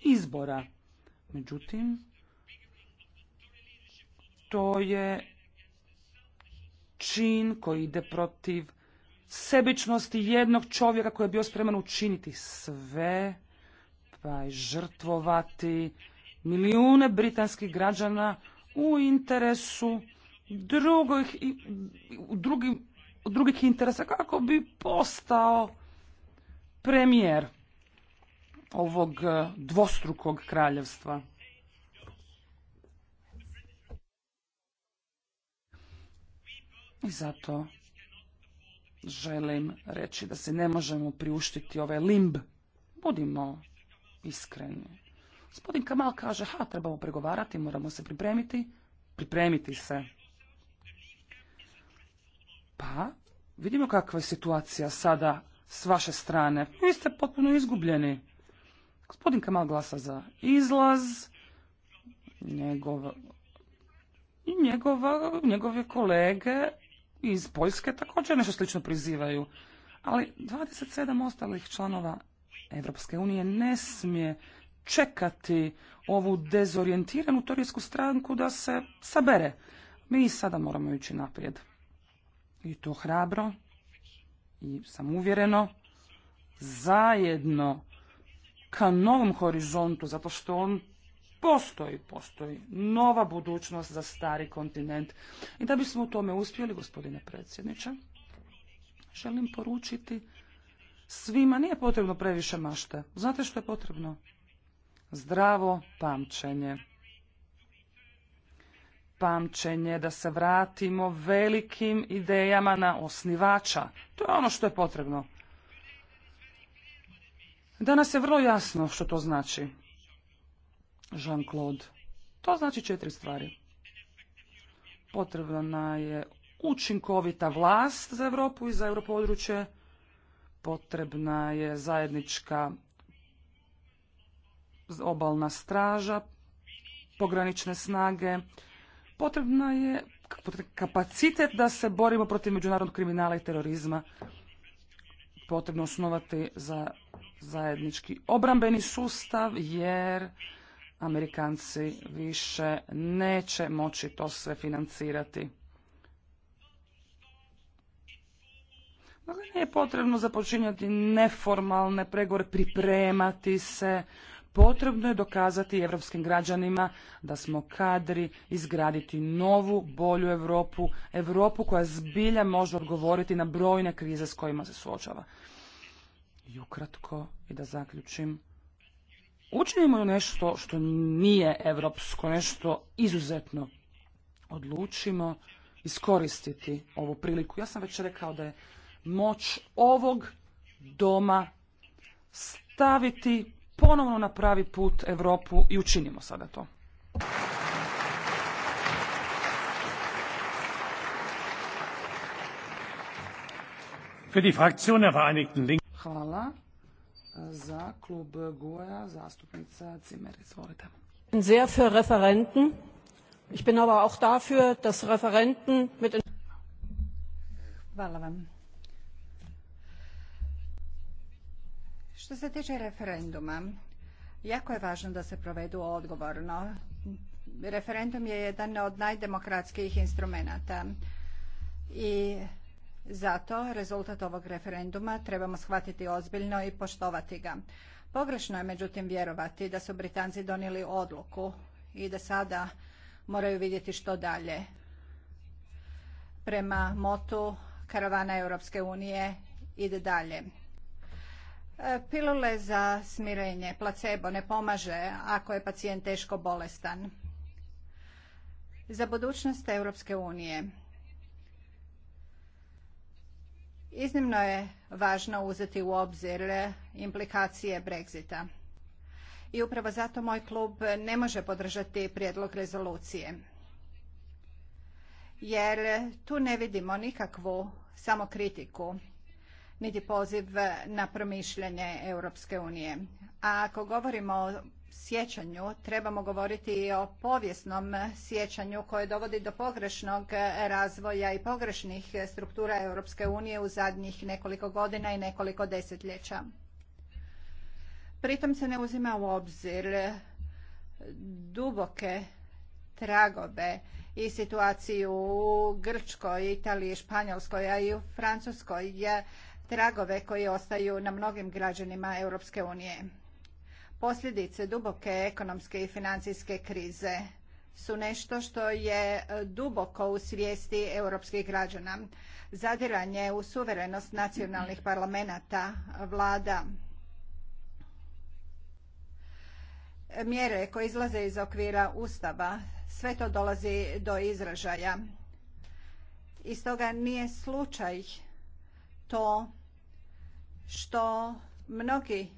izbora. Međutim, to je čin koji ide protiv sebičnosti jednog čovjeka koji je bio spreman učiniti sve, pa i žrtvovati milijune britanskih građana u interesu drugih, drugih interesa kako bi postao premijer ovog e, dvostrukog kraljevstva. I zato želim reći da se ne možemo priuštiti ovaj limb. Budimo iskreni. Gospodin Kamal kaže, ha, trebamo pregovarati, moramo se pripremiti. Pripremiti se. Pa, vidimo kakva je situacija sada s vaše strane. Vi ste potpuno izgubljeni. Gospodin Kamal glasa za izlaz, i njegove kolege iz Poljske također nešto slično prizivaju. Ali 27 ostalih članova Evropske unije ne smije čekati ovu dezorijentiranu torijsku stranku da se sabere. Mi sada moramo ići naprijed. I to hrabro, i sam uvjereno zajedno ka novom horizontu, zato što on postoji, postoji nova budućnost za stari kontinent. I da bismo u tome uspjeli, gospodine predsjedniče, želim poručiti svima, nije potrebno previše mašte. Znate što je potrebno? Zdravo pamćenje pamćenje, da se vratimo velikim idejama na osnivača. To je ono što je potrebno. Danas je vrlo jasno što to znači. Jean-Claude. To znači četiri stvari. Potrebna je učinkovita vlast za Europu i za europodručje. Potrebna je zajednička obalna straža, pogranične snage, Potrebna je kapacitet da se borimo protiv međunarodnog kriminala i terorizma. Potrebno osnovati za zajednički obrambeni sustav jer Amerikanci više neće moći to sve financirati. Dakle, nije potrebno započinjati neformalne pregovore, pripremati se, Potrebno je dokazati evropskim građanima da smo kadri izgraditi novu, bolju Europu, Europu koja zbilja može odgovoriti na brojne krize s kojima se suočava. I ukratko, i da zaključim, učinimo nešto što nije evropsko, nešto izuzetno. Odlučimo iskoristiti ovu priliku. Ja sam već rekao da je moć ovog doma staviti ponovno na pravi put Europu i učinimo sada to. Hvala. Za klub Goja, zastupnica Cimer, izvolite. Sehr für Referenten. Ich bin aber auch dafür, dass Referenten mit... Hvala vam. Što se tiče referenduma, jako je važno da se provedu odgovorno. Referendum je jedan od najdemokratskih instrumenata i zato rezultat ovog referenduma trebamo shvatiti ozbiljno i poštovati ga. Pogrešno je međutim vjerovati da su Britanci donijeli odluku i da sada moraju vidjeti što dalje. Prema motu karavana Europske unije ide dalje. E, pilule za smirenje, placebo, ne pomaže ako je pacijent teško bolestan. Za budućnost Europske unije iznimno je važno uzeti u obzir implikacije Brexita. I upravo zato moj klub ne može podržati prijedlog rezolucije. Jer tu ne vidimo nikakvu samokritiku niti poziv na promišljanje Europske unije. A ako govorimo o sjećanju, trebamo govoriti i o povijesnom sjećanju koje dovodi do pogrešnog razvoja i pogrešnih struktura Europske unije u zadnjih nekoliko godina i nekoliko desetljeća. Pritom se ne uzima u obzir duboke tragove i situaciju u Grčkoj, Italiji, Španjolskoj, a i u Francuskoj je tragove koji ostaju na mnogim građanima Europske unije. Posljedice duboke ekonomske i financijske krize su nešto što je duboko u svijesti europskih građana. Zadiranje u suverenost nacionalnih parlamenata, vlada, mjere koje izlaze iz okvira Ustava, sve to dolazi do izražaja. I stoga nije slučaj to što mnogi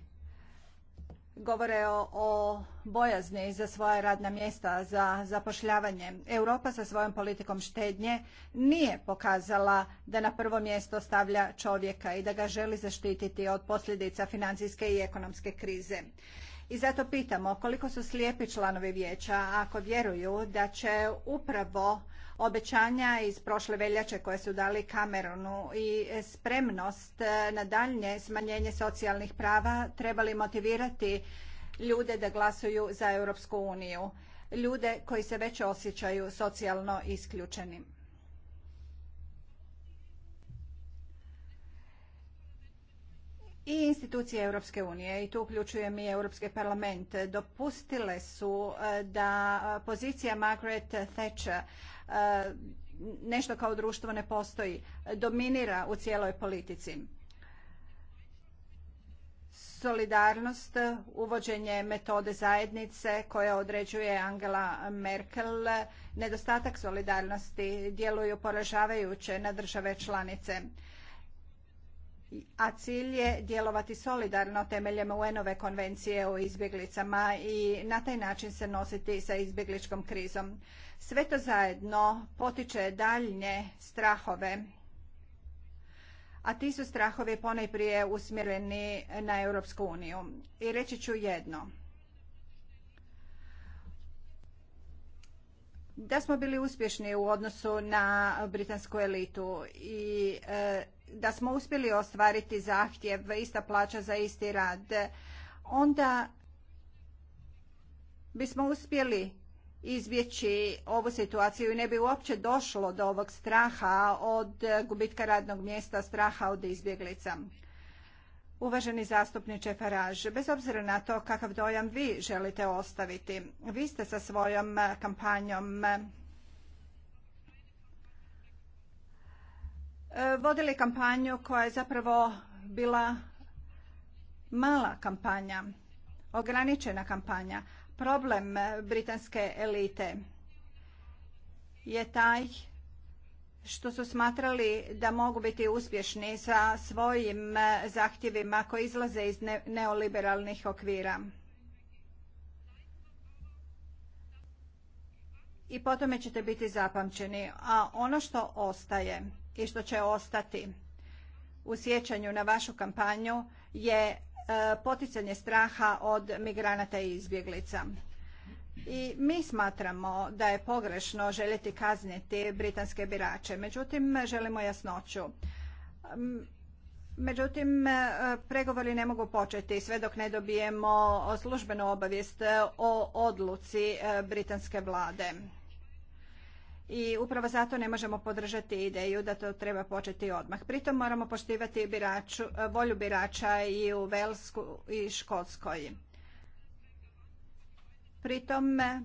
govore o, bojazni za svoja radna mjesta, za zapošljavanje. Europa sa svojom politikom štednje nije pokazala da na prvo mjesto stavlja čovjeka i da ga želi zaštititi od posljedica financijske i ekonomske krize. I zato pitamo koliko su slijepi članovi vijeća ako vjeruju da će upravo obećanja iz prošle veljače koje su dali kameronu i spremnost e, na daljnje smanjenje socijalnih prava trebali motivirati ljude da glasuju za Europsku uniju, ljude koji se već osjećaju socijalno isključenim. I institucije Europske unije, i tu uključujem i Europski parlament, dopustile su e, da pozicija Margaret Thatcher E, nešto kao društvo ne postoji, dominira u cijeloj politici. Solidarnost, uvođenje metode zajednice koja određuje Angela Merkel, nedostatak solidarnosti djeluju poražavajuće na države članice a cilj je djelovati solidarno temeljem UN-ove konvencije o izbjeglicama i na taj način se nositi sa izbjegličkom krizom. Sve to zajedno potiče daljnje strahove, a ti su strahovi ponajprije usmjereni na Europsku uniju. I reći ću jedno. da smo bili uspješni u odnosu na britansku elitu i e, da smo uspjeli ostvariti zahtjev ista plaća za isti rad, onda bismo uspjeli izbjeći ovu situaciju i ne bi uopće došlo do ovog straha od gubitka radnog mjesta, straha od izbjeglica. Uvaženi zastupniče Farage, bez obzira na to kakav dojam vi želite ostaviti, vi ste sa svojom kampanjom eh, vodili kampanju koja je zapravo bila mala kampanja, ograničena kampanja. Problem britanske elite je taj što su smatrali da mogu biti uspješni sa svojim eh, zahtjevima koji izlaze iz neoliberalnih okvira. I po tome ćete biti zapamćeni. A ono što ostaje i što će ostati u sjećanju na vašu kampanju je eh, poticanje straha od migranata i izbjeglica. I mi smatramo da je pogrešno željeti kazniti britanske birače, međutim želimo jasnoću. Međutim, pregovori ne mogu početi sve dok ne dobijemo službenu obavijest o odluci e, britanske vlade. I upravo zato ne možemo podržati ideju da to treba početi odmah. Pritom moramo poštivati e, volju birača i u Velsku i Škotskoj. Pritom e,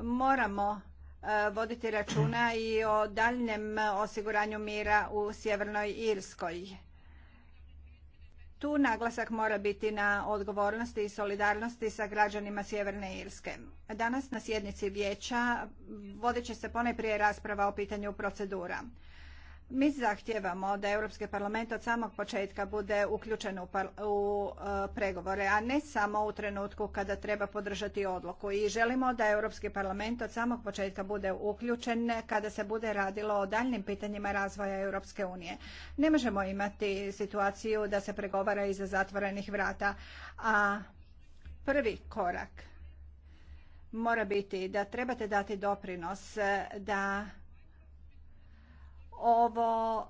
moramo e, voditi računa i o daljnjem osiguranju mira u Sjevernoj Irskoj. Tu naglasak mora biti na odgovornosti i solidarnosti sa građanima Sjeverne Irske. Danas na sjednici vijeća vodit će se ponajprije rasprava o pitanju procedura. Mi zahtjevamo da Europski parlament od samog početka bude uključen u, e, pregovore, a ne samo u trenutku kada treba podržati odluku. I želimo da Europski parlament od samog početka bude uključen kada se bude radilo o daljnim pitanjima razvoja Europske unije. Ne možemo imati situaciju da se pregovara iza zatvorenih vrata, a prvi korak mora biti da trebate dati doprinos da ovo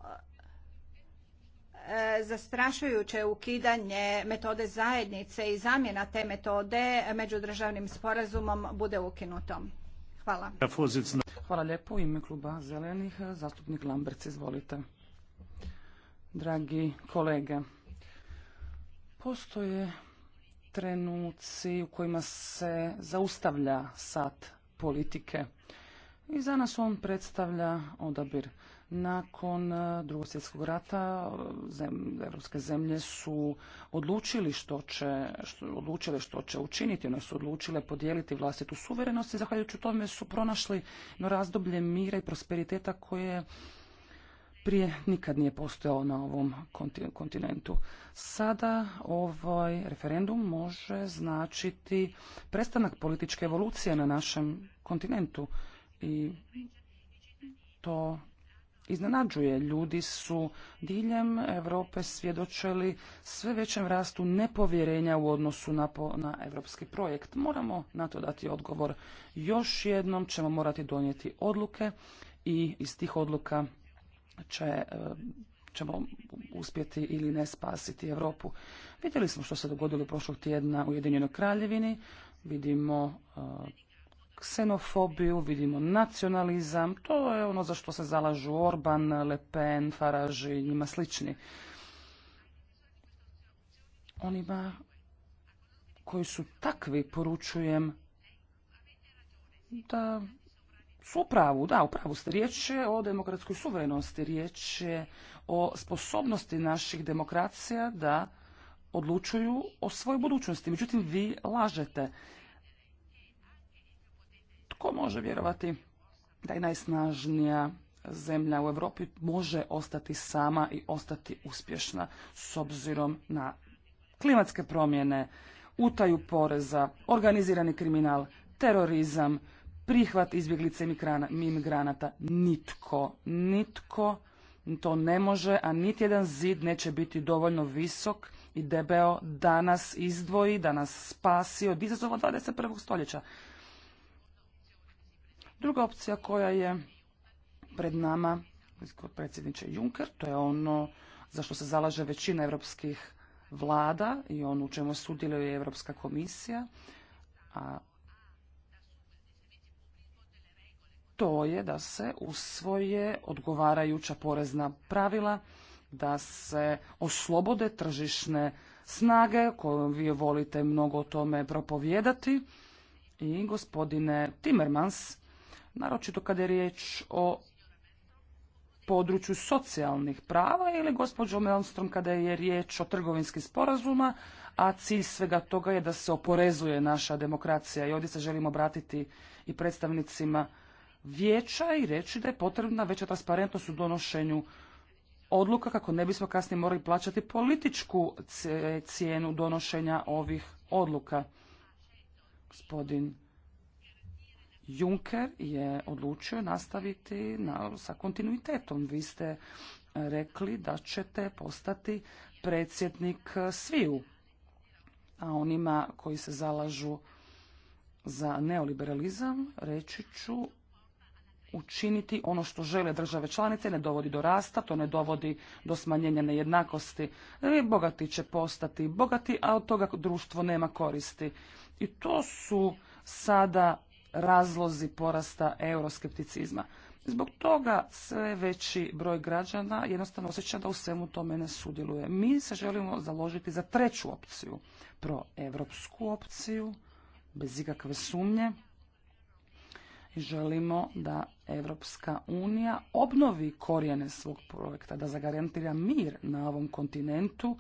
e, zastrašujuće ukidanje metode zajednice i zamjena te metode međudržavnim sporazumom bude ukinuto. Hvala. Hvala lijepo. U ime kluba Zelenih, zastupnik izvolite. Dragi kolege, postoje trenuci u kojima se zaustavlja sat politike i za nas on predstavlja odabir. Nakon e, drugog svjetskog rata europske evropske zemlje su odlučili što će, što, odlučile što će učiniti. One su odlučile podijeliti vlastitu suverenost i zahvaljujući tome su pronašli no razdoblje mira i prosperiteta koje prije nikad nije postojalo na ovom kontinentu. Sada ovaj referendum može značiti prestanak političke evolucije na našem kontinentu i to iznenađuje. Ljudi su diljem Europe svjedočili sve većem rastu nepovjerenja u odnosu na, po, na evropski projekt. Moramo na to dati odgovor. Još jednom ćemo morati donijeti odluke i iz tih odluka će e, ćemo uspjeti ili ne spasiti Europu. Vidjeli smo što se dogodilo prošlog tjedna u Ujedinjenoj Kraljevini, vidimo e, ksenofobiju, vidimo nacionalizam, to je ono za što se zalažu Orban, Le Pen, Farage i njima slični. Onima koji su takvi, poručujem da su u pravu, da, u pravu ste. Riječ je o demokratskoj suverenosti, riječ je o sposobnosti naših demokracija da odlučuju o svojoj budućnosti. Međutim, vi lažete. Tko može vjerovati da je najsnažnija zemlja u Europi može ostati sama i ostati uspješna s obzirom na klimatske promjene, utaju poreza, organizirani kriminal, terorizam, prihvat izbjeglice migranata. Nitko, nitko to ne može, a niti jedan zid neće biti dovoljno visok i debeo da nas izdvoji, da nas spasi od izazova 21. stoljeća. Druga opcija koja je pred nama, predsjedniče Juncker, to je ono za što se zalaže većina europskih vlada i ono u čemu sudjeluje Europska komisija, a to je da se usvoje odgovarajuća porezna pravila, da se oslobode tržišne snage, koju vi volite mnogo o tome propovijedati, i gospodine Timmermans, naročito kada je riječ o području socijalnih prava ili gospođo Melstrom kada je riječ o trgovinskim sporazuma, a cilj svega toga je da se oporezuje naša demokracija. I ovdje se želimo obratiti i predstavnicima vijeća i reći da je potrebna veća transparentnost u donošenju odluka kako ne bismo kasnije morali plaćati političku cijenu donošenja ovih odluka. Gospodin Juncker je odlučio nastaviti na, sa kontinuitetom. Vi ste e, rekli da ćete postati predsjednik e, sviju, a onima koji se zalažu za neoliberalizam reći ću učiniti ono što žele države članice, ne dovodi do rasta, to ne dovodi do smanjenja nejednakosti. E, bogati će postati bogati, a od toga društvo nema koristi. I to su sada razlozi porasta euroskepticizma. Zbog toga sve veći broj građana jednostavno osjeća da u svemu tome ne sudjeluje. Mi se želimo založiti za treću opciju, proevropsku opciju, bez ikakve sumnje. I želimo da Evropska unija obnovi korijene svog projekta, da zagarantira mir na ovom kontinentu,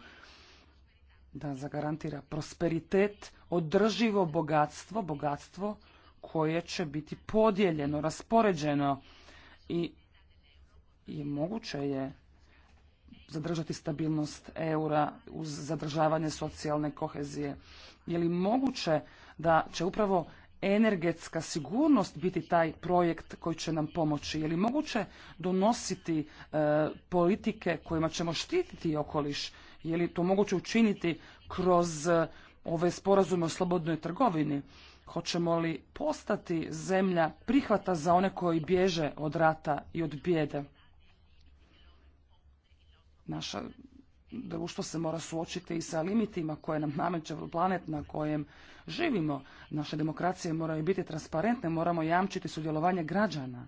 da zagarantira prosperitet, održivo bogatstvo, bogatstvo koje će biti podijeljeno, raspoređeno i, i moguće je zadržati stabilnost eura uz zadržavanje socijalne kohezije. Je li moguće da će upravo energetska sigurnost biti taj projekt koji će nam pomoći? Je li moguće donositi e, politike kojima ćemo štititi okoliš? Je li to moguće učiniti kroz e, ove sporazume o slobodnoj trgovini? Hoćemo li postati zemlja prihvata za one koji bježe od rata i od bijede? Naša društvo se mora suočiti i sa limitima koje nam nameće planet na kojem živimo. Naše demokracije moraju biti transparentne, moramo jamčiti sudjelovanje građana.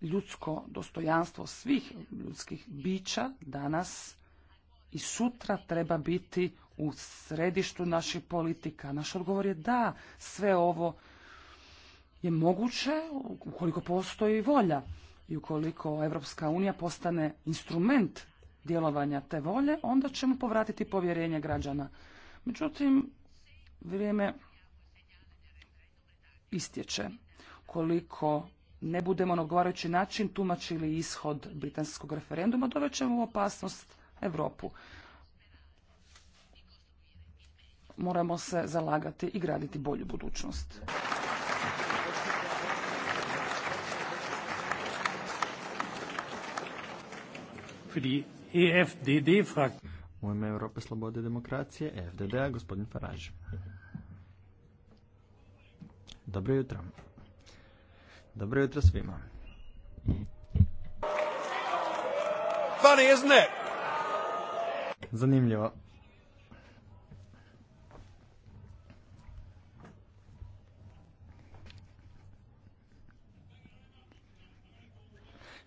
Ljudsko dostojanstvo svih ljudskih bića danas i sutra treba biti u središtu naših politika. Naš odgovor je da, sve ovo je moguće ukoliko postoji volja i ukoliko Evropska unija postane instrument djelovanja te volje, onda ćemo povratiti povjerenje građana. Međutim, vrijeme istječe. Koliko ne budemo na odgovarajući način tumačili ishod britanskog referenduma, dovećemo u opasnost Europu moramo se zalagati i graditi bolju budućnost. E U ime Europe slobode i demokracije, e fdd gospodin Faraž. Dobro jutro. Dobro jutro svima. Funny, isn't it? Zanimljivo.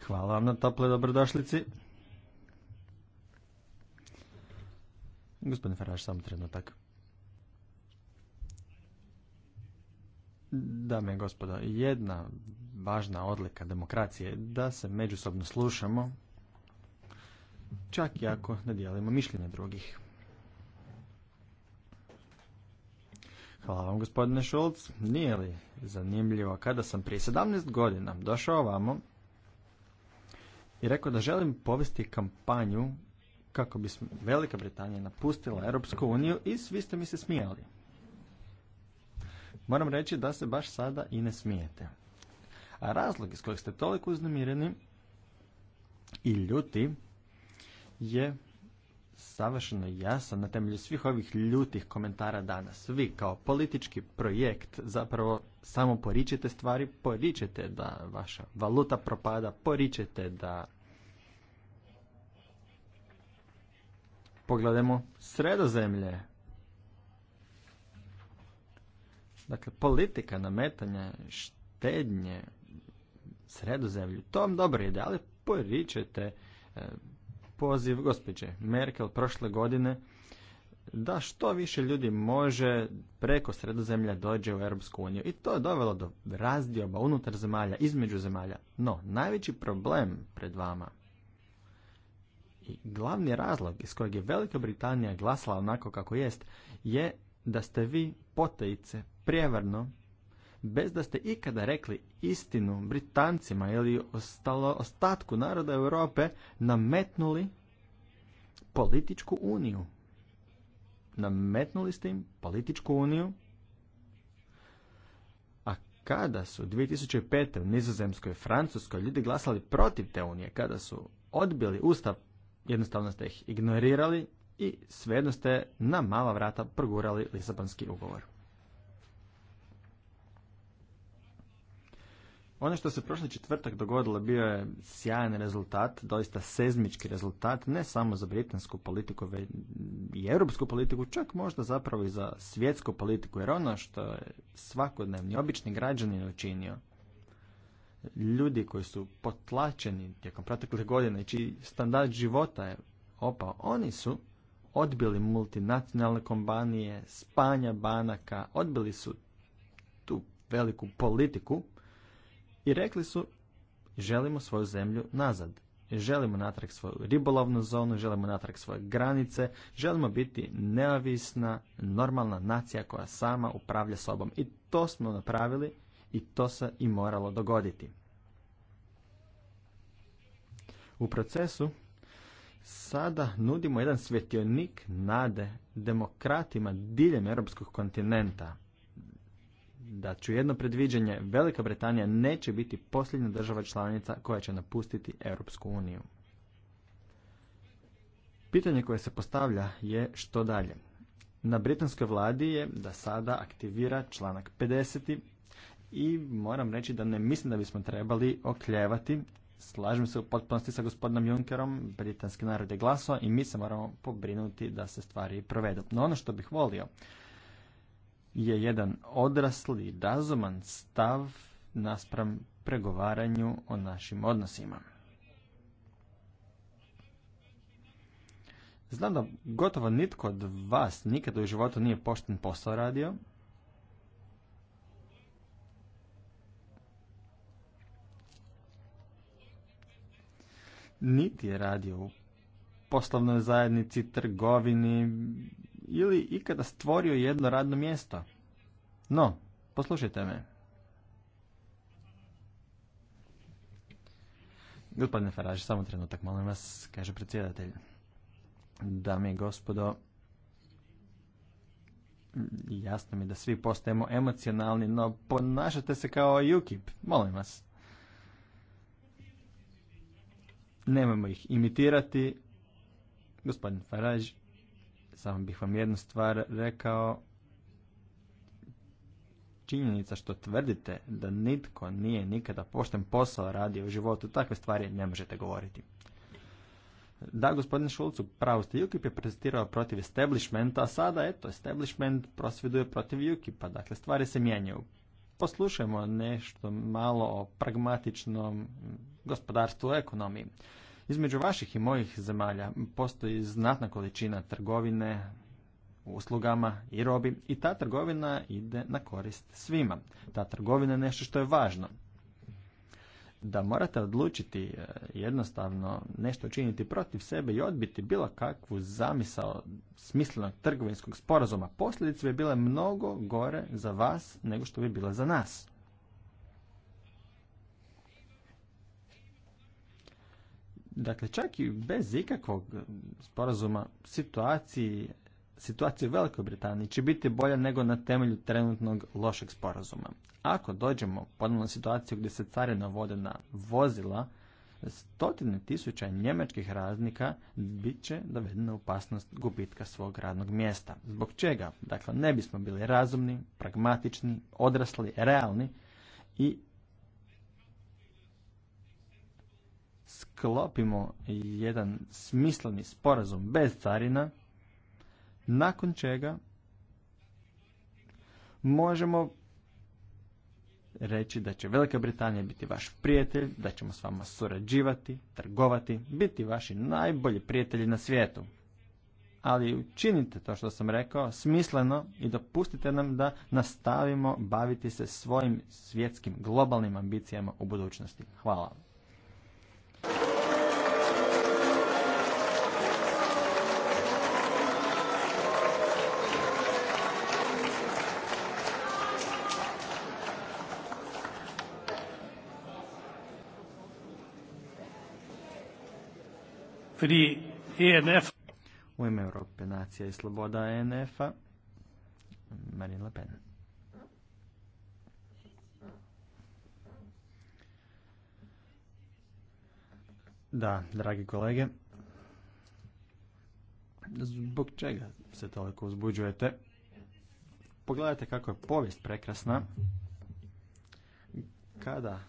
Hvala vam na tople dobrodošlici. Gospodin Faraš, samo trenutak. Dame i gospodo, jedna važna odlika demokracije je da se međusobno slušamo, čak i ako ne dijelimo mišljenja drugih. Hvala vam gospodine Šulc. Nije li zanimljivo kada sam prije 17 godina došao ovamo i rekao da želim povesti kampanju kako bi Velika Britanija napustila Europsku uniju i svi ste mi se smijali. Moram reći da se baš sada i ne smijete. A razlog iz kojeg ste toliko uznemireni i ljuti je savršeno jasan na temelju svih ovih ljutih komentara danas. Vi kao politički projekt zapravo samo poričete stvari, poričete da vaša valuta propada, poričete da pogledajmo sredozemlje. Dakle, politika nametanja štednje sredozemlju, to vam dobro ide, ali poričete eh, poziv gospođe Merkel prošle godine da što više ljudi može preko sredozemlja dođe u Europsku uniju i to je dovelo do razdioba unutar zemalja, između zemalja. No, najveći problem pred vama i glavni razlog iz kojeg je Velika Britanija glasala onako kako jest je da ste vi potajice prijevarno bez da ste ikada rekli istinu Britancima ili ostalo, ostatku naroda Europe nametnuli političku uniju nametnuli ste im političku uniju, a kada su 2005. u Nizozemskoj Francuskoj ljudi glasali protiv te unije, kada su odbili ustav, jednostavno ste ih ignorirali i svejedno ste na mala vrata progurali Lisabonski ugovor. Ono što se prošli četvrtak dogodilo bio je sjajan rezultat, doista sezmički rezultat, ne samo za britansku politiku već i europsku politiku, čak možda zapravo i za svjetsku politiku, jer ono što je svakodnevni obični građanin učinio, ljudi koji su potlačeni tijekom proteklih godina i čiji standard života je opao, oni su odbili multinacionalne kompanije, spanja banaka, odbili su tu veliku politiku i rekli su želimo svoju zemlju nazad. Želimo natrag svoju ribolovnu zonu, želimo natrag svoje granice, želimo biti neovisna, normalna nacija koja sama upravlja sobom. I to smo napravili i to se i moralo dogoditi. U procesu sada nudimo jedan svjetionik nade demokratima diljem europskog kontinenta da ću jedno predviđanje, Velika Britanija neće biti posljednja država članica koja će napustiti Europsku uniju. Pitanje koje se postavlja je što dalje. Na britanskoj vladi je da sada aktivira članak 50. i moram reći da ne mislim da bismo trebali okljevati. Slažem se u potpunosti sa gospodinom Junckerom, britanski narod je glasao i mi se moramo pobrinuti da se stvari provedu. No ono što bih volio je jedan odrasli i razuman stav naspram pregovaranju o našim odnosima. Znam da gotovo nitko od vas nikada u životu nije pošten posao radio. Niti je radio u poslovnoj zajednici, trgovini, ili ikada stvorio jedno radno mjesto. No, poslušajte me. Gospodine Faraž, samo trenutak, molim vas, kaže predsjedatelj. Dame i gospodo, jasno mi da svi postajemo emocionalni, no ponašate se kao UKIP, molim vas. Nemojmo ih imitirati. Gospodin Farage samo bih vam jednu stvar rekao. Činjenica što tvrdite da nitko nije nikada pošten posao radio u životu, takve stvari ne možete govoriti. Da, gospodin Šulcu, pravo ste, UKIP je prezentirao protiv establishmenta, a sada, eto, establishment prosvjeduje protiv UKIP-a, dakle, stvari se mijenjaju. Poslušajmo nešto malo o pragmatičnom gospodarstvu u ekonomiji. Između vaših i mojih zemalja postoji znatna količina trgovine, uslugama i robi i ta trgovina ide na korist svima. Ta trgovina je nešto što je važno. Da morate odlučiti e, jednostavno nešto činiti protiv sebe i odbiti bilo kakvu zamisao smislenog trgovinskog sporazuma, posljedice bi bile mnogo gore za vas nego što bi bile za nas. Dakle, čak i bez ikakvog sporazuma situaciji, situacija u Velikoj Britaniji će biti bolja nego na temelju trenutnog lošeg sporazuma. Ako dođemo ponovno na situaciju gdje se carina vode na vozila, stotine tisuća njemačkih raznika bit će dovedena opasnost gubitka svog radnog mjesta. Zbog čega? Dakle, ne bismo bili razumni, pragmatični, odrasli, realni i sklopimo jedan smisleni sporazum bez carina, nakon čega možemo reći da će Velika Britanija biti vaš prijatelj, da ćemo s vama surađivati, trgovati, biti vaši najbolji prijatelji na svijetu. Ali učinite to što sam rekao smisleno i dopustite nam da nastavimo baviti se svojim svjetskim globalnim ambicijama u budućnosti. Hvala. ENF. U ime Europe, nacija i sloboda ENF-a, Marine Le Pen. Da, dragi kolege, zbog čega se toliko uzbuđujete? Pogledajte kako je povijest prekrasna. Kada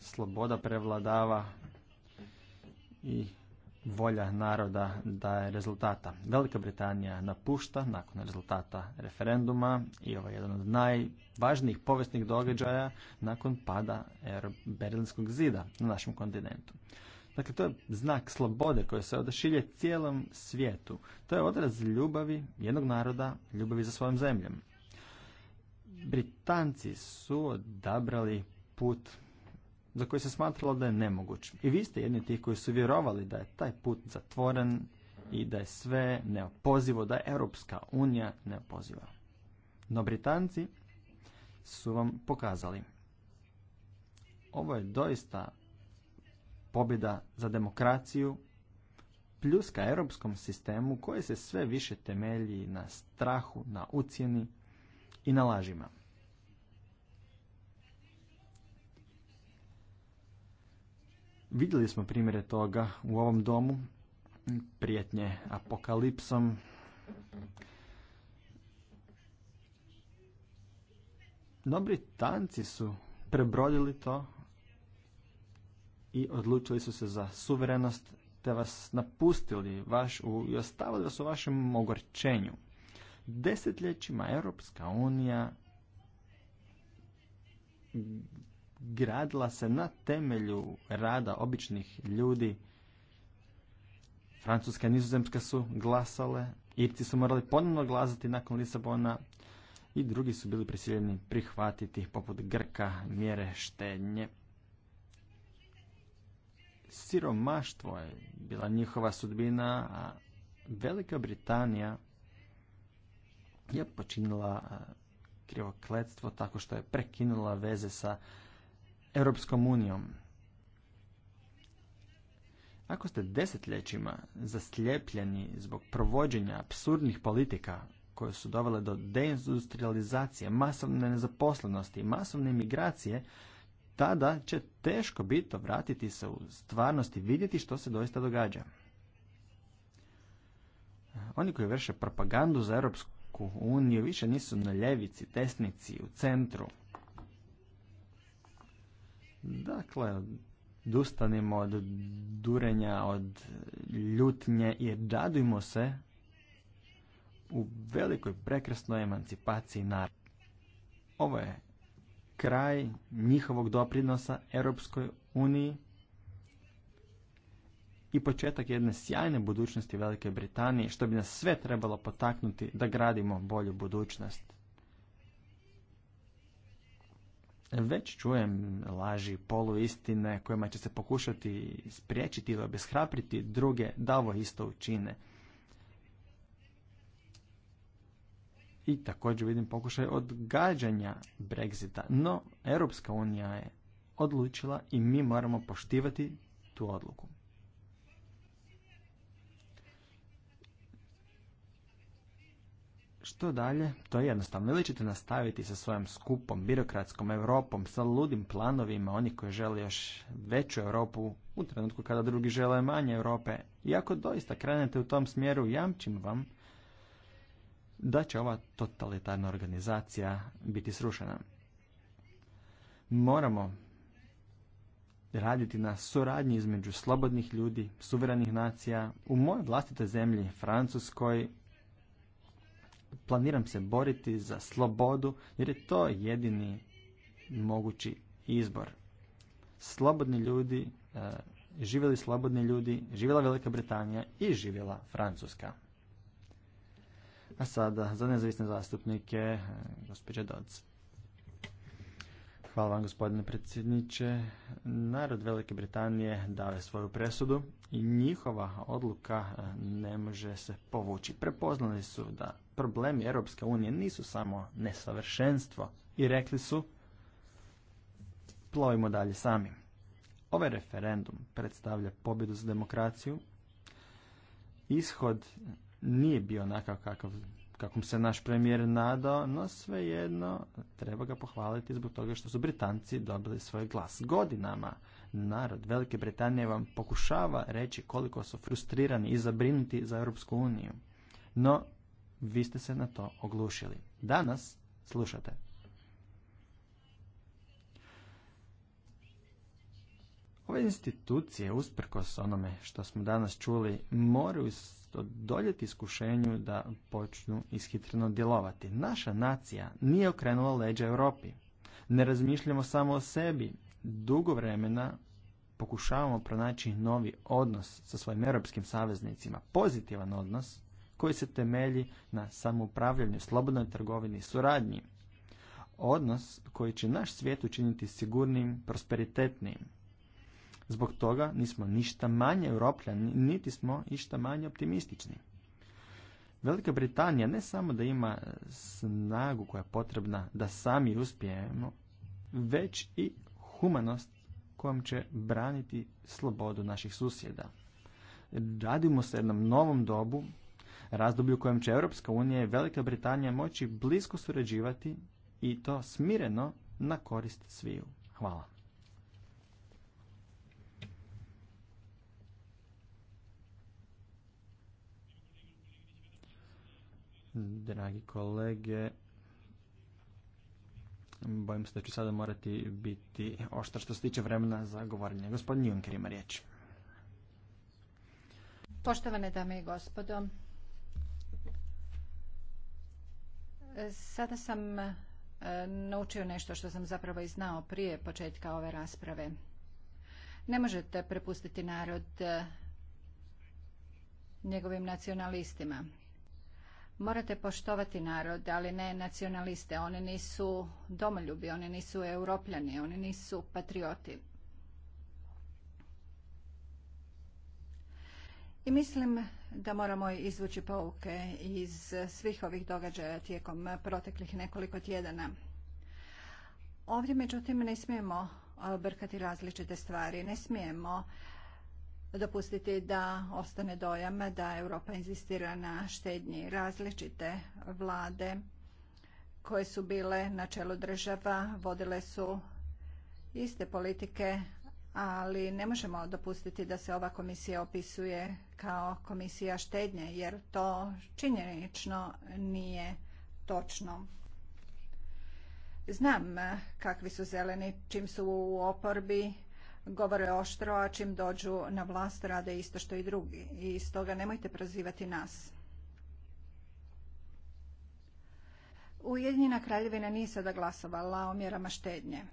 sloboda prevladava i volja naroda daje rezultata. Velika Britanija napušta nakon rezultata referenduma i ovo je jedan od najvažnijih povijesnih događaja nakon pada er- Berlinskog zida na našem kontinentu. Dakle, to je znak slobode koji se odašilje cijelom svijetu. To je odraz ljubavi jednog naroda, ljubavi za svojom zemljom. Britanci su odabrali put za koji se smatralo da je nemoguć. I vi ste jedni tih koji su vjerovali da je taj put zatvoren i da je sve neopozivo, da je Europska unija neopoziva. No Britanci su vam pokazali. Ovo je doista pobjeda za demokraciju, plus ka europskom sistemu koji se sve više temelji na strahu, na ucijeni i na lažima. Vidjeli smo primjere toga u ovom domu, prijetnje apokalipsom. Dobri tanci su prebrodili to i odlučili su se za suverenost, te vas napustili vaš, u, i ostavili vas u vašem ogorčenju. Desetljećima Europska unija gradila se na temelju rada običnih ljudi. Francuska i Nizozemska su glasale, Irci su morali ponovno glasati nakon Lisabona i drugi su bili prisiljeni prihvatiti, poput Grka, mjere štednje. Siromaštvo je bila njihova sudbina, a Velika Britanija je počinila krivokletstvo tako što je prekinula veze sa Europskom unijom. Ako ste desetljećima zaslijepljeni zbog provođenja absurdnih politika koje su dovele do deindustrializacije, masovne nezaposlenosti i masovne imigracije, tada će teško biti vratiti se u stvarnost i vidjeti što se doista događa. Oni koji vrše propagandu za Europsku uniju više nisu na ljevici, desnici, u centru – Dakle, dustanimo od durenja, od ljutnje i radujmo se u velikoj prekrasnoj emancipaciji naroda. Ovo je kraj njihovog doprinosa Europskoj uniji i početak jedne sjajne budućnosti Velike Britanije, što bi nas sve trebalo potaknuti da gradimo bolju budućnost. Već čujem laži poluistine kojima će se pokušati spriječiti ili obeshrapriti druge da ovo isto učine. I također vidim pokušaj odgađanja Brexita, no Europska unija je odlučila i mi moramo poštivati tu odluku. Što dalje? To je jednostavno. Ili ćete nastaviti sa svojom skupom, birokratskom Europom, sa ludim planovima, oni koji žele još veću Europu u trenutku kada drugi žele manje Europe. I ako doista krenete u tom smjeru, jamčim vam da će ova totalitarna organizacija biti srušena. Moramo raditi na suradnji između slobodnih ljudi, suverenih nacija. U mojoj vlastitoj zemlji, Francuskoj, planiram se boriti za slobodu jer je to jedini mogući izbor. Slobodni ljudi, eh, živjeli slobodni ljudi, živjela Velika Britanija i živjela Francuska. A sada za nezavisne zastupnike, eh, gospođa Dodds. Hvala vam gospodine predsjedniče. Narod Velike Britanije dao svoju presudu i njihova odluka e, ne može se povući. Prepoznali su da problemi Europske unije nisu samo nesavršenstvo i rekli su plovimo dalje sami. Ovaj referendum predstavlja pobjedu za demokraciju. Ishod nije bio onakav kakav kakvom se naš premijer nadao, no svejedno treba ga pohvaliti zbog toga što su Britanci dobili svoj glas godinama. Narod Velike Britanije vam pokušava reći koliko su frustrirani i zabrinuti za Europsku uniju. No, vi ste se na to oglušili. Danas slušate Ove institucije, usprkos onome što smo danas čuli, moraju odoljeti iskušenju da počnu ishitreno djelovati. Naša nacija nije okrenula leđa Europi. Ne razmišljamo samo o sebi. Dugo vremena pokušavamo pronaći novi odnos sa svojim europskim saveznicima. Pozitivan odnos koji se temelji na samoupravljanju, slobodnoj trgovini i suradnji. Odnos koji će naš svijet učiniti sigurnim, prosperitetnim Zbog toga nismo ništa manje europljani, niti smo ništa manje optimistični. Velika Britanija ne samo da ima snagu koja je potrebna da sami uspijemo, već i humanost kojom će braniti slobodu naših susjeda. Radimo se jednom novom dobu, razdoblju kojem će Europska unija i Velika Britanija moći blisko surađivati i to smireno na korist sviju. Hvala. Dragi kolege, bojim se da ću sada morati biti oštar što se tiče vremena za govorenje. Gospodin Junker ima riječ. Poštovane dame i gospodo, sada sam e, naučio nešto što sam zapravo i znao prije početka ove rasprave. Ne možete prepustiti narod e, njegovim nacionalistima. Morate poštovati narod, ali ne nacionaliste. Oni nisu domoljubi, oni nisu europljani, oni nisu patrioti. I mislim da moramo izvući pouke iz svih ovih događaja tijekom proteklih nekoliko tjedana. Ovdje međutim ne smijemo brkati različite stvari, ne smijemo dopustiti da ostane dojam da Europa inzistira na štednji različite vlade koje su bile na čelu država, vodile su iste politike, ali ne možemo dopustiti da se ova komisija opisuje kao komisija štednje, jer to činjenično nije točno. Znam kakvi su zeleni, čim su u oporbi, govore oštro, a čim dođu na vlast rade isto što i drugi. I stoga nemojte prozivati nas. Ujedinjena kraljevina nije sada glasovala o mjerama štednje.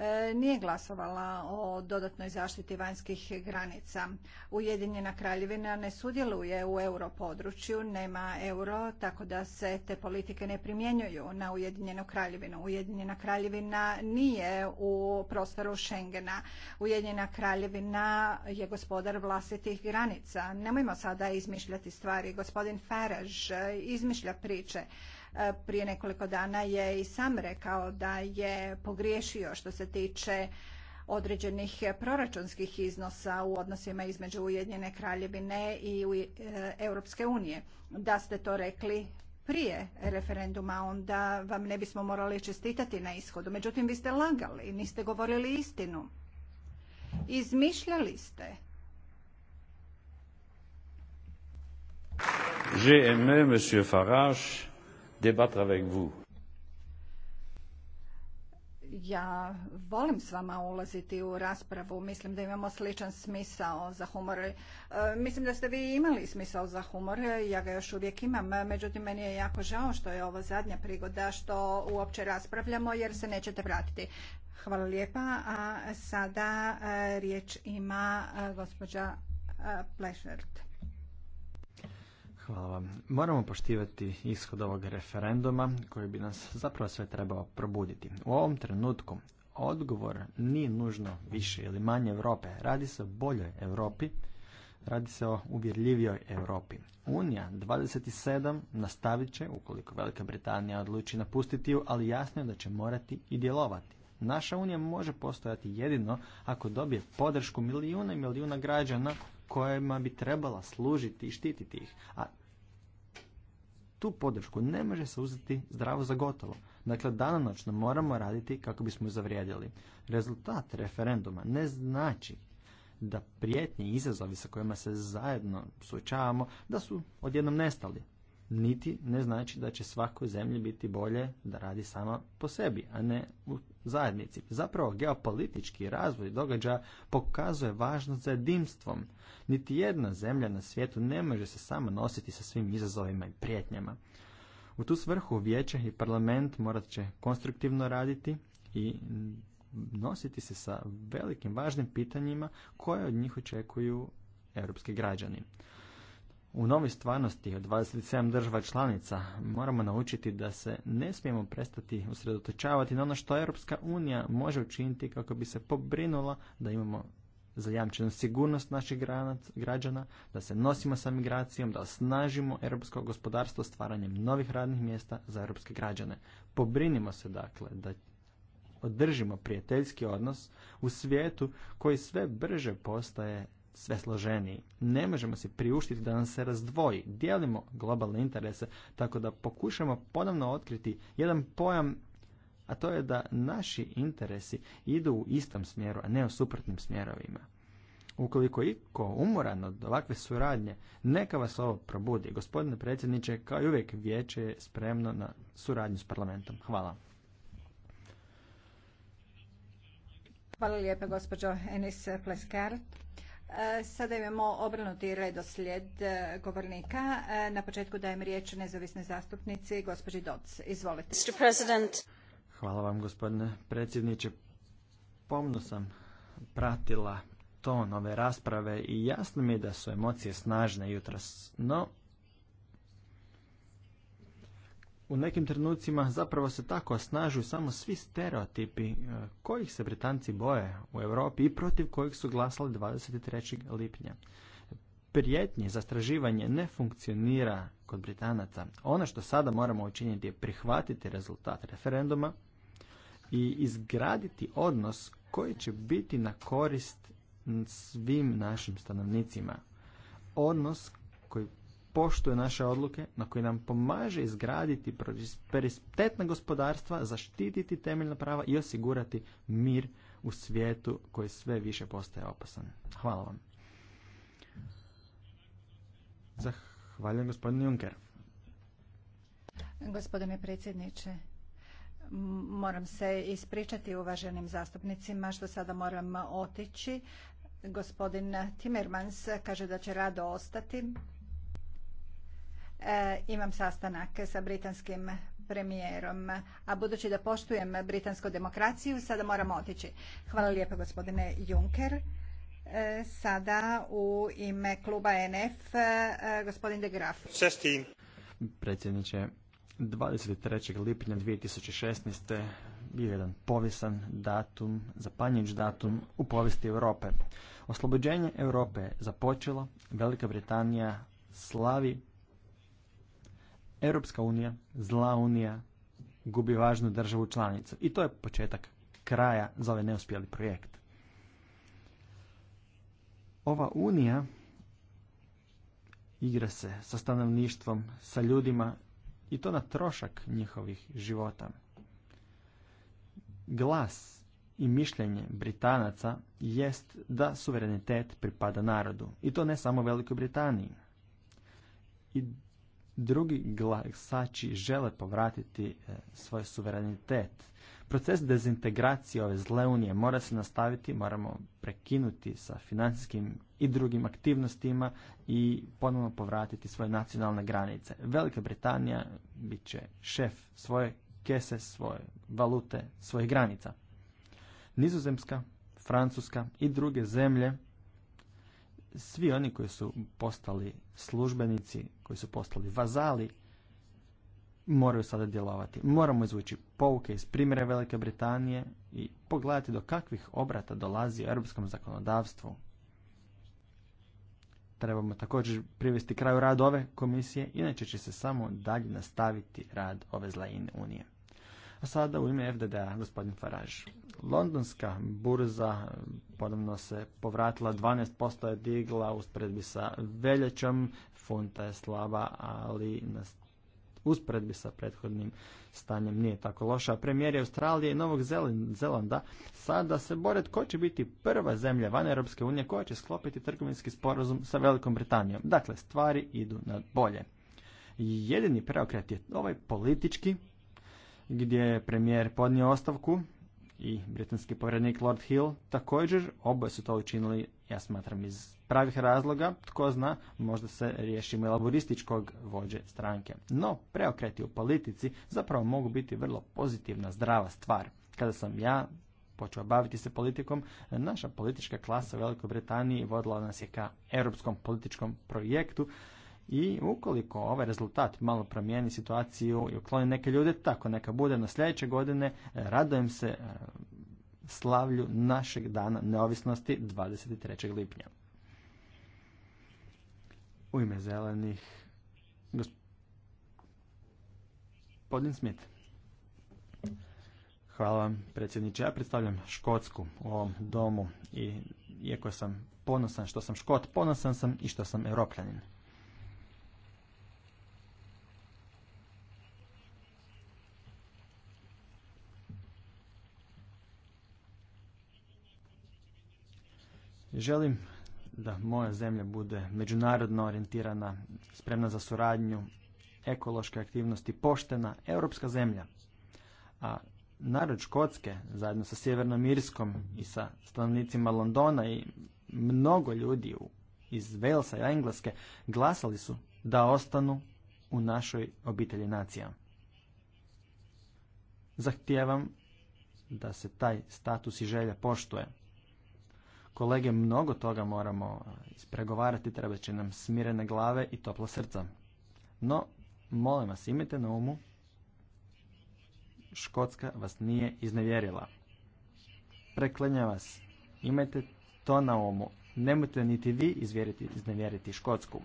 E, nije glasovala o dodatnoj zaštiti vanjskih granica. Ujedinjena kraljevina ne sudjeluje u europodručju, nema euro, tako da se te politike ne primjenjuju na Ujedinjenu kraljevinu. Ujedinjena kraljevina nije u prostoru Schengena. Ujedinjena kraljevina je gospodar vlastitih granica. Nemojmo sada izmišljati stvari. Gospodin Farage izmišlja priče. E, prije nekoliko dana je i sam rekao da je pogriješio što se tiče određenih proračunskih iznosa u odnosima između Ujedinjene kraljevine i e, Europske unije. Da ste to rekli prije referenduma, onda vam ne bismo morali čestitati na ishodu. Međutim, vi ste lagali, niste govorili istinu. Izmišljali ste. je. monsieur Farage, avec vous. Ja volim s vama ulaziti u raspravu. Mislim da imamo sličan smisao za humor. E, mislim da ste vi imali smisao za humor. Ja ga još uvijek imam. Međutim, meni je jako žao što je ovo zadnja prigoda što uopće raspravljamo jer se nećete vratiti. Hvala lijepa. A sada e, riječ ima e, gospođa Plešert. Hvala vam. Moramo poštivati ishod ovog referenduma koji bi nas zapravo sve trebao probuditi. U ovom trenutku odgovor nije nužno više ili manje Europe. Radi se o boljoj Europi, radi se o uvjerljivijoj Europi. Unija 27 nastavit će, ukoliko Velika Britanija odluči napustiti ju, ali jasno je da će morati i djelovati. Naša Unija može postojati jedino ako dobije podršku milijuna i milijuna građana kojima bi trebala služiti i štititi ih. A tu podršku ne može se uzeti zdravo za gotovo. Dakle, danonoćno moramo raditi kako bismo zavrijedili. Rezultat referenduma ne znači da i izazovi sa kojima se zajedno suočavamo da su odjednom nestali. Niti ne znači da će svakoj zemlji biti bolje da radi sama po sebi, a ne u zajednici. Zapravo, geopolitički razvoj događaja pokazuje važnost za jedinstvom. Niti jedna zemlja na svijetu ne može se sama nositi sa svim izazovima i prijetnjama. U tu svrhu vijeće i parlament morat će konstruktivno raditi i nositi se sa velikim važnim pitanjima koje od njih očekuju europski građani. U novoj stvarnosti od 27 država članica moramo naučiti da se ne smijemo prestati usredotočavati na ono što Europska unija može učiniti kako bi se pobrinula da imamo zajamčenu sigurnost naših građana, da se nosimo sa migracijom, da osnažimo europsko gospodarstvo stvaranjem novih radnih mjesta za europske građane. Pobrinimo se dakle da održimo prijateljski odnos u svijetu koji sve brže postaje sve složeniji. Ne možemo se priuštiti da nam se razdvoji. Dijelimo globalne interese, tako da pokušamo ponovno otkriti jedan pojam, a to je da naši interesi idu u istom smjeru, a ne u suprotnim smjerovima. Ukoliko iko umoran od ovakve suradnje, neka vas ovo probudi. Gospodine predsjedniče, kao i uvijek vijeće je spremno na suradnju s parlamentom. Hvala. Hvala lijepa gospođo Enis E, sada imamo obrnuti redoslijed e, govornika. E, na početku dajem riječ nezavisnoj zastupnici, gospođi Doc. Izvolite. Hvala vam, gospodine predsjedniče. Pomno sam pratila ton ove rasprave i jasno mi je da su emocije snažne jutros. No, u nekim trenucima zapravo se tako osnažuju samo svi stereotipi e, kojih se Britanci boje u Europi i protiv kojih su glasali 23. lipnja. Prijetnje, zastraživanje ne funkcionira kod Britanaca. Ono što sada moramo učiniti je prihvatiti rezultat referenduma i izgraditi odnos koji će biti na korist svim našim stanovnicima. Odnos poštuje naše odluke, na koji nam pomaže izgraditi prosperitetna gospodarstva, zaštititi temeljna prava i osigurati mir u svijetu koji sve više postaje opasan. Hvala vam. Zahvaljujem gospodin Juncker. Gospodine predsjedniče, moram se ispričati uvaženim zastupnicima što sada moram otići. Gospodin Timmermans kaže da će rado ostati. E, imam sastanak sa britanskim premijerom, a budući da poštujem britansku demokraciju, sada moram otići. Hvala lijepo gospodine Juncker. E, sada u ime kluba NF e, gospodin De Graf. Predsjedniče, 23. lipnja 2016. bio jedan povisan datum, zapanjić datum u povijesti Europe. Oslobođenje Europe započelo, Velika Britanija slavi Europska unija, zla unija, gubi važnu državu članicu. I to je početak kraja za ovaj neuspjeli projekt. Ova unija igra se sa stanovništvom, sa ljudima i to na trošak njihovih života. Glas i mišljenje Britanaca jest da suverenitet pripada narodu. I to ne samo Velikoj Britaniji. I drugi glasači žele povratiti e, svoj suverenitet. Proces dezintegracije ove zle unije mora se nastaviti, moramo prekinuti sa financijskim i drugim aktivnostima i ponovno povratiti svoje nacionalne granice. Velika Britanija bit će šef svoje kese, svoje valute, svojih granica. Nizozemska, Francuska i druge zemlje svi oni koji su postali službenici, koji su postali vazali, moraju sada djelovati. Moramo izvući pouke iz primjera Velike Britanije i pogledati do kakvih obrata dolazi u europskom zakonodavstvu. Trebamo također privesti kraju rad ove komisije, inače će se samo dalje nastaviti rad ove zlajine unije. A sada u ime FDDA gospodin Faraž. Londonska burza ponovno se povratila, 12% je digla usporedbi sa veljačom, funta je slaba, ali uspredbi usporedbi sa prethodnim stanjem nije tako loša. Premijer je Australije i Novog Zelanda sada se bore tko će biti prva zemlja van Europske unije koja će sklopiti trgovinski sporazum sa Velikom Britanijom. Dakle, stvari idu na bolje. Jedini preokret je ovaj politički gdje je premijer podnio ostavku i britanski povrednik Lord Hill također oboje su to učinili, ja smatram, iz pravih razloga, tko zna, možda se riješimo i laborističkog vođe stranke. No, preokreti u politici zapravo mogu biti vrlo pozitivna, zdrava stvar. Kada sam ja počeo baviti se politikom, naša politička klasa u Velikoj Britaniji vodila nas je ka europskom političkom projektu, i ukoliko ovaj rezultat malo promijeni situaciju i ukloni neke ljude, tako neka bude na sljedeće godine, e, radujem se e, slavlju našeg dana neovisnosti 23. lipnja. U ime zelenih, gospodin Smith. Hvala vam, predsjedniče. Ja predstavljam Škotsku u ovom domu i iako sam ponosan što sam Škot, ponosan sam i što sam Europljanin. Želim da moja zemlja bude međunarodno orijentirana, spremna za suradnju, ekološke aktivnosti, poštena, europska zemlja. A narod Škotske, zajedno sa Sjevernom Irskom i sa stanovnicima Londona i mnogo ljudi iz Walesa i Engleske glasali su da ostanu u našoj obitelji nacija. Zahtijevam da se taj status i želja poštuje kolege, mnogo toga moramo ispregovarati, treba će nam smirene glave i toplo srca. No, molim vas, imajte na umu, Škotska vas nije iznevjerila. Preklenja vas, imajte to na umu. Nemojte niti vi izvjeriti, iznevjeriti Škotsku.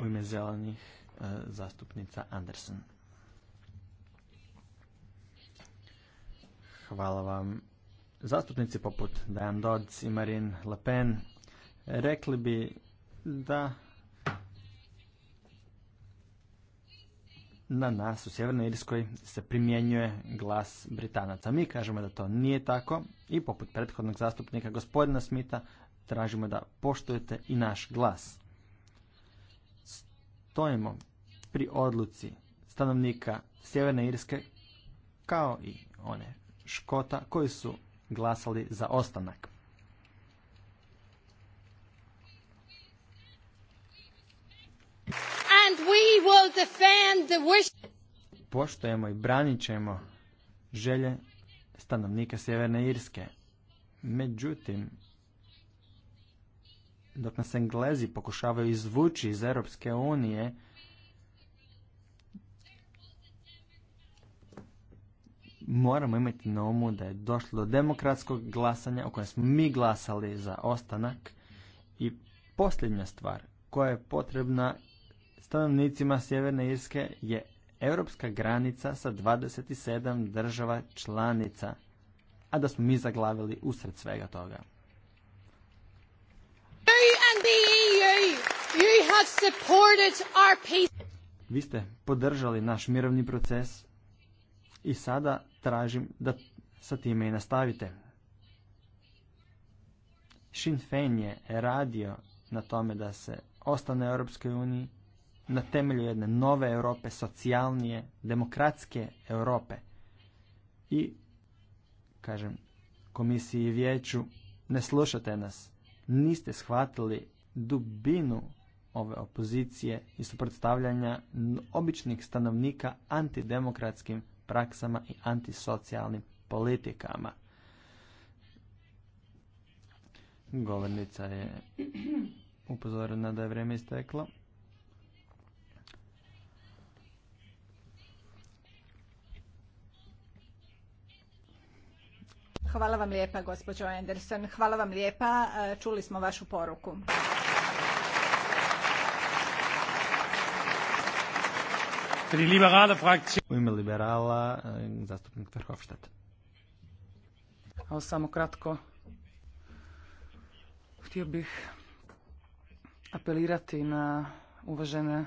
U ime zelenih e, zastupnica Andersen. Hvala vam. Zastupnici poput Dajan Dodds i Marine Le Pen rekli bi da na nas u Sjevernoj Irskoj se primjenjuje glas Britanaca. Mi kažemo da to nije tako i poput prethodnog zastupnika gospodina Smita tražimo da poštujete i naš glas. Stojimo pri odluci stanovnika Sjeverne Irske kao i one Škota koji su glasali za ostanak. And Poštojemo i branit ćemo želje stanovnika Sjeverne Irske. Međutim, dok nas Englezi pokušavaju izvući iz Europske unije, moramo imati na umu da je došlo do demokratskog glasanja o kojem smo mi glasali za ostanak i posljednja stvar koja je potrebna stanovnicima Sjeverne Irske je europska granica sa 27 država članica, a da smo mi zaglavili usred svega toga. Vi ste podržali naš mirovni proces i sada tražim da sa time i nastavite. Sinn Féin je radio na tome da se ostane Europskoj uniji na temelju jedne nove Europe, socijalnije, demokratske Europe. I, kažem, komisiji i vijeću, ne slušate nas. Niste shvatili dubinu ove opozicije i suprotstavljanja običnih stanovnika antidemokratskim praksama i antisocijalnim politikama. Govornica je upozorena da je vrijeme isteklo. Hvala vam lijepa, gospođo Anderson. Hvala vam lijepa. E, čuli smo vašu poruku. U ime liberala, eh, zastupnik Verhofstadt. Evo samo kratko. Htio bih apelirati na uvažene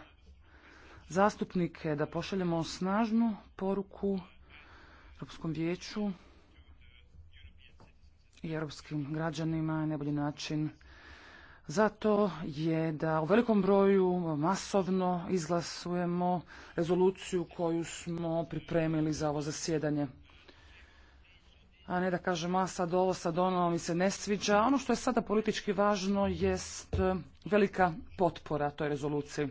zastupnike da pošaljemo snažnu poruku Europskom vijeću i europskim građanima na najbolji način zato je da u velikom broju masovno izglasujemo rezoluciju koju smo pripremili za ovo zasjedanje. A ne da kažem, a sad ovo, sad ono mi se ne sviđa. Ono što je sada politički važno jest velika potpora toj rezoluciji.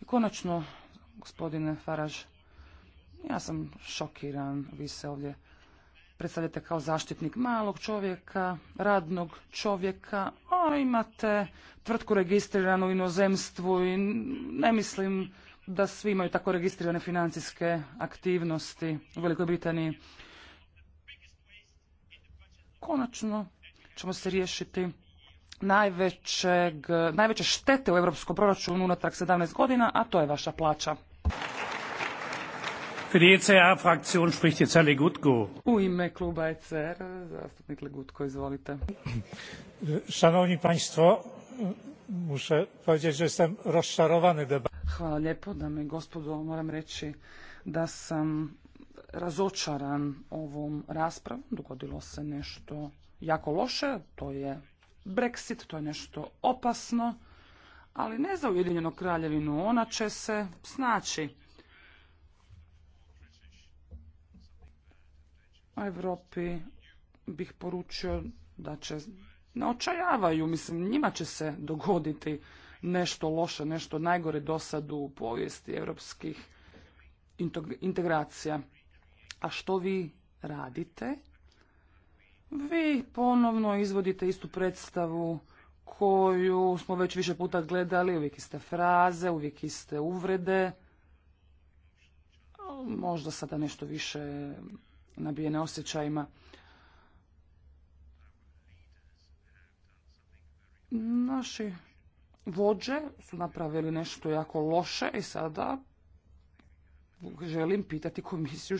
I konačno, gospodine Faraž, ja sam šokiran, vi se ovdje predstavljate kao zaštitnik malog čovjeka, radnog čovjeka, a imate tvrtku registriranu u inozemstvu i ne mislim da svi imaju tako registrirane financijske aktivnosti u Velikoj Britaniji. Konačno ćemo se riješiti najvećeg, najveće štete u europskom proračunu unatrag 17 godina, a to je vaša plaća. E U ime kluba ECR, zastupnik Legutko, izvolite. Šanovni Państwo, Hvala lijepo, dame i gospodo, moram reći da sam razočaran ovom raspravom. Dogodilo se nešto jako loše, to je Brexit, to je nešto opasno, ali ne za Ujedinjenu kraljevinu, ona će se snaći. Europi bih poručio da će ne očajavaju, mislim njima će se dogoditi nešto loše, nešto najgore dosadu u povijesti europskih integracija. A što vi radite? Vi ponovno izvodite istu predstavu koju smo već više puta gledali, uvijek iste fraze, uvijek iste uvrede, možda sada nešto više nabijene osjećajima. Naši vođe su napravili nešto jako loše i sada želim pitati komisiju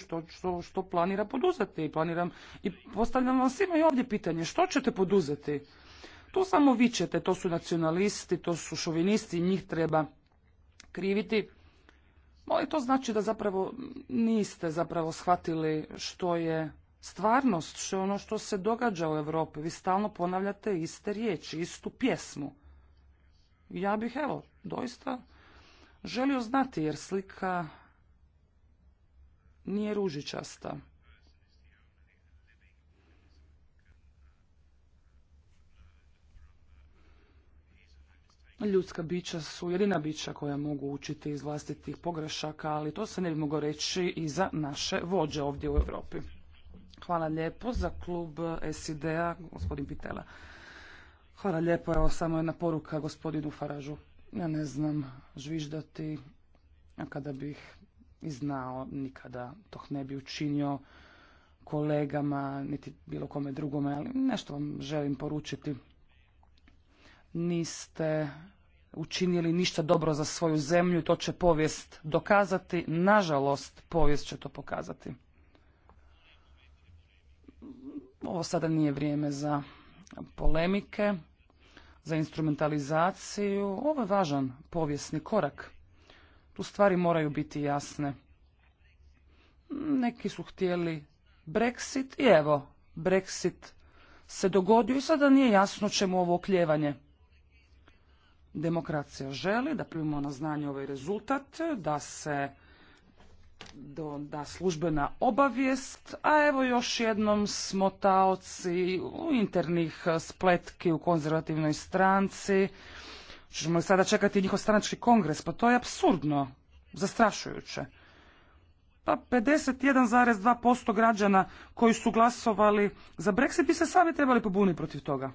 što, planira poduzeti. Planiram i postavljam vam svima i ovdje pitanje što ćete poduzeti? To samo ćete. to su nacionalisti, to su šovinisti, njih treba kriviti ali to znači da zapravo niste zapravo shvatili što je stvarnost, što je ono što se događa u Europi. Vi stalno ponavljate iste riječi, istu pjesmu. Ja bih, evo, doista želio znati, jer slika nije ružičasta. Ljudska bića su jedina bića koja mogu učiti iz vlastitih pogrešaka, ali to se ne bi moglo reći i za naše vođe ovdje u Europi. Hvala lijepo za klub SID-a, gospodin Pitela. Hvala lijepo, evo samo jedna poruka gospodinu Faražu. Ja ne znam žviždati, a kada bih i znao, nikada to ne bi učinio kolegama, niti bilo kome drugome, ali nešto vam želim poručiti. Niste učinili ništa dobro za svoju zemlju i to će povijest dokazati. Nažalost, povijest će to pokazati. Ovo sada nije vrijeme za polemike, za instrumentalizaciju. Ovo je važan povijesni korak. Tu stvari moraju biti jasne. Neki su htjeli Brexit i evo, Brexit se dogodio i sada nije jasno čemu ovo okljevanje demokracija želi da primimo na znanje ovaj rezultat, da se do, da službena obavijest, a evo još jednom smo taoci internih spletki u konzervativnoj stranci. Čemo li sada čekati njihov stranački kongres? Pa to je absurdno, zastrašujuće. Pa 51,2% građana koji su glasovali za Brexit bi se sami trebali pobuniti protiv toga.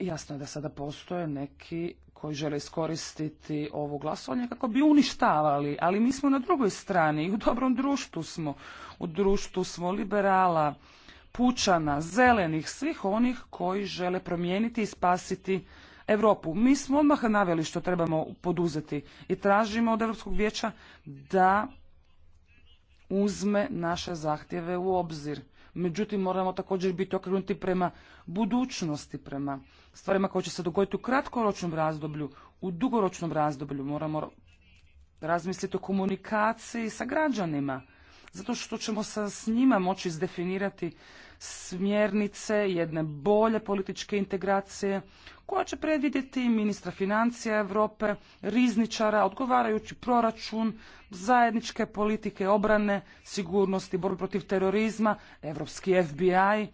Jasno je da sada postoje neki koji žele iskoristiti ovo glasovanje kako bi uništavali, ali mi smo na drugoj strani i u dobrom društvu smo. U društvu smo liberala, pučana, zelenih, svih onih koji žele promijeniti i spasiti Europu. Mi smo odmah naveli što trebamo poduzeti i tražimo od Europskog vijeća da uzme naše zahtjeve u obzir međutim moramo također biti okrenuti prema budućnosti, prema stvarima koje će se dogoditi u kratkoročnom razdoblju, u dugoročnom razdoblju. Moramo razmisliti o komunikaciji sa građanima zato što ćemo sa, s njima moći izdefinirati smjernice jedne bolje političke integracije koja će predvidjeti ministra financija Europe, rizničara, odgovarajući proračun, zajedničke politike obrane, sigurnosti, borbe protiv terorizma, evropski FBI,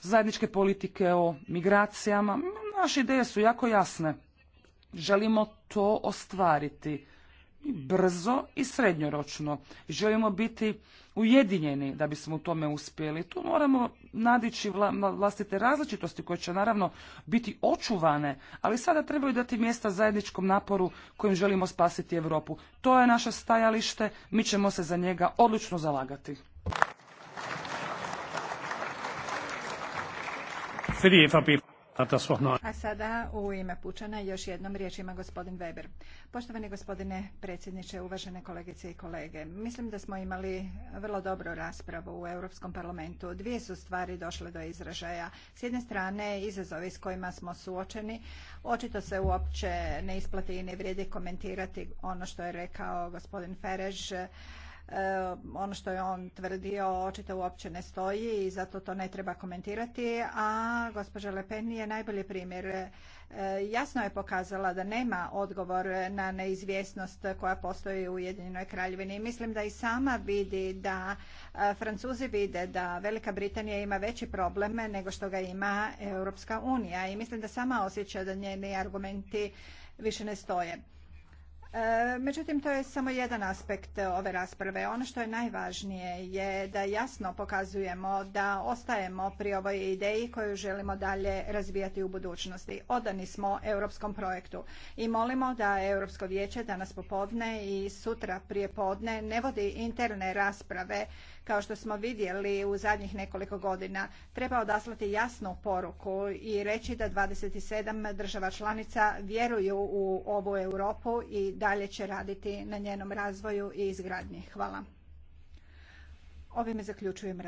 zajedničke politike o migracijama. Naše ideje su jako jasne. Želimo to ostvariti brzo i srednjoročno. Želimo biti ujedinjeni da bismo u tome uspjeli. Tu moramo nadići vlastite različitosti koje će naravno biti očuvane, ali sada trebaju dati mjesta zajedničkom naporu kojim želimo spasiti Europu. To je naše stajalište, mi ćemo se za njega odlično zalagati. A sada u ime Pučana još jednom riječ ima gospodin Weber. Poštovani gospodine predsjedniče, uvažene kolegice i kolege, mislim da smo imali vrlo dobru raspravu u Europskom parlamentu. Dvije su stvari došle do izražaja. S jedne strane, izazovi s kojima smo suočeni. Očito se uopće ne isplati i ne vrijedi komentirati ono što je rekao gospodin Ferež E, ono što je on tvrdio očito uopće ne stoji i zato to ne treba komentirati, a gospođa Le Pen je najbolji primjer. E, jasno je pokazala da nema odgovor na neizvjesnost koja postoji u Ujedinjenoj kraljevini. Mislim da i sama vidi da e, Francuzi vide da Velika Britanija ima veći problem nego što ga ima Europska unija i mislim da sama osjeća da njeni argumenti više ne stoje. Međutim, to je samo jedan aspekt ove rasprave. Ono što je najvažnije je da jasno pokazujemo da ostajemo pri ovoj ideji koju želimo dalje razvijati u budućnosti. Odani smo europskom projektu i molimo da Europsko vijeće danas popodne i sutra prije podne ne vodi interne rasprave kao što smo vidjeli u zadnjih nekoliko godina, treba odaslati jasnu poruku i reći da 27 država članica vjeruju u ovu Europu i dalje će raditi na njenom razvoju i izgradnji. Hvala. Ovime zaključujem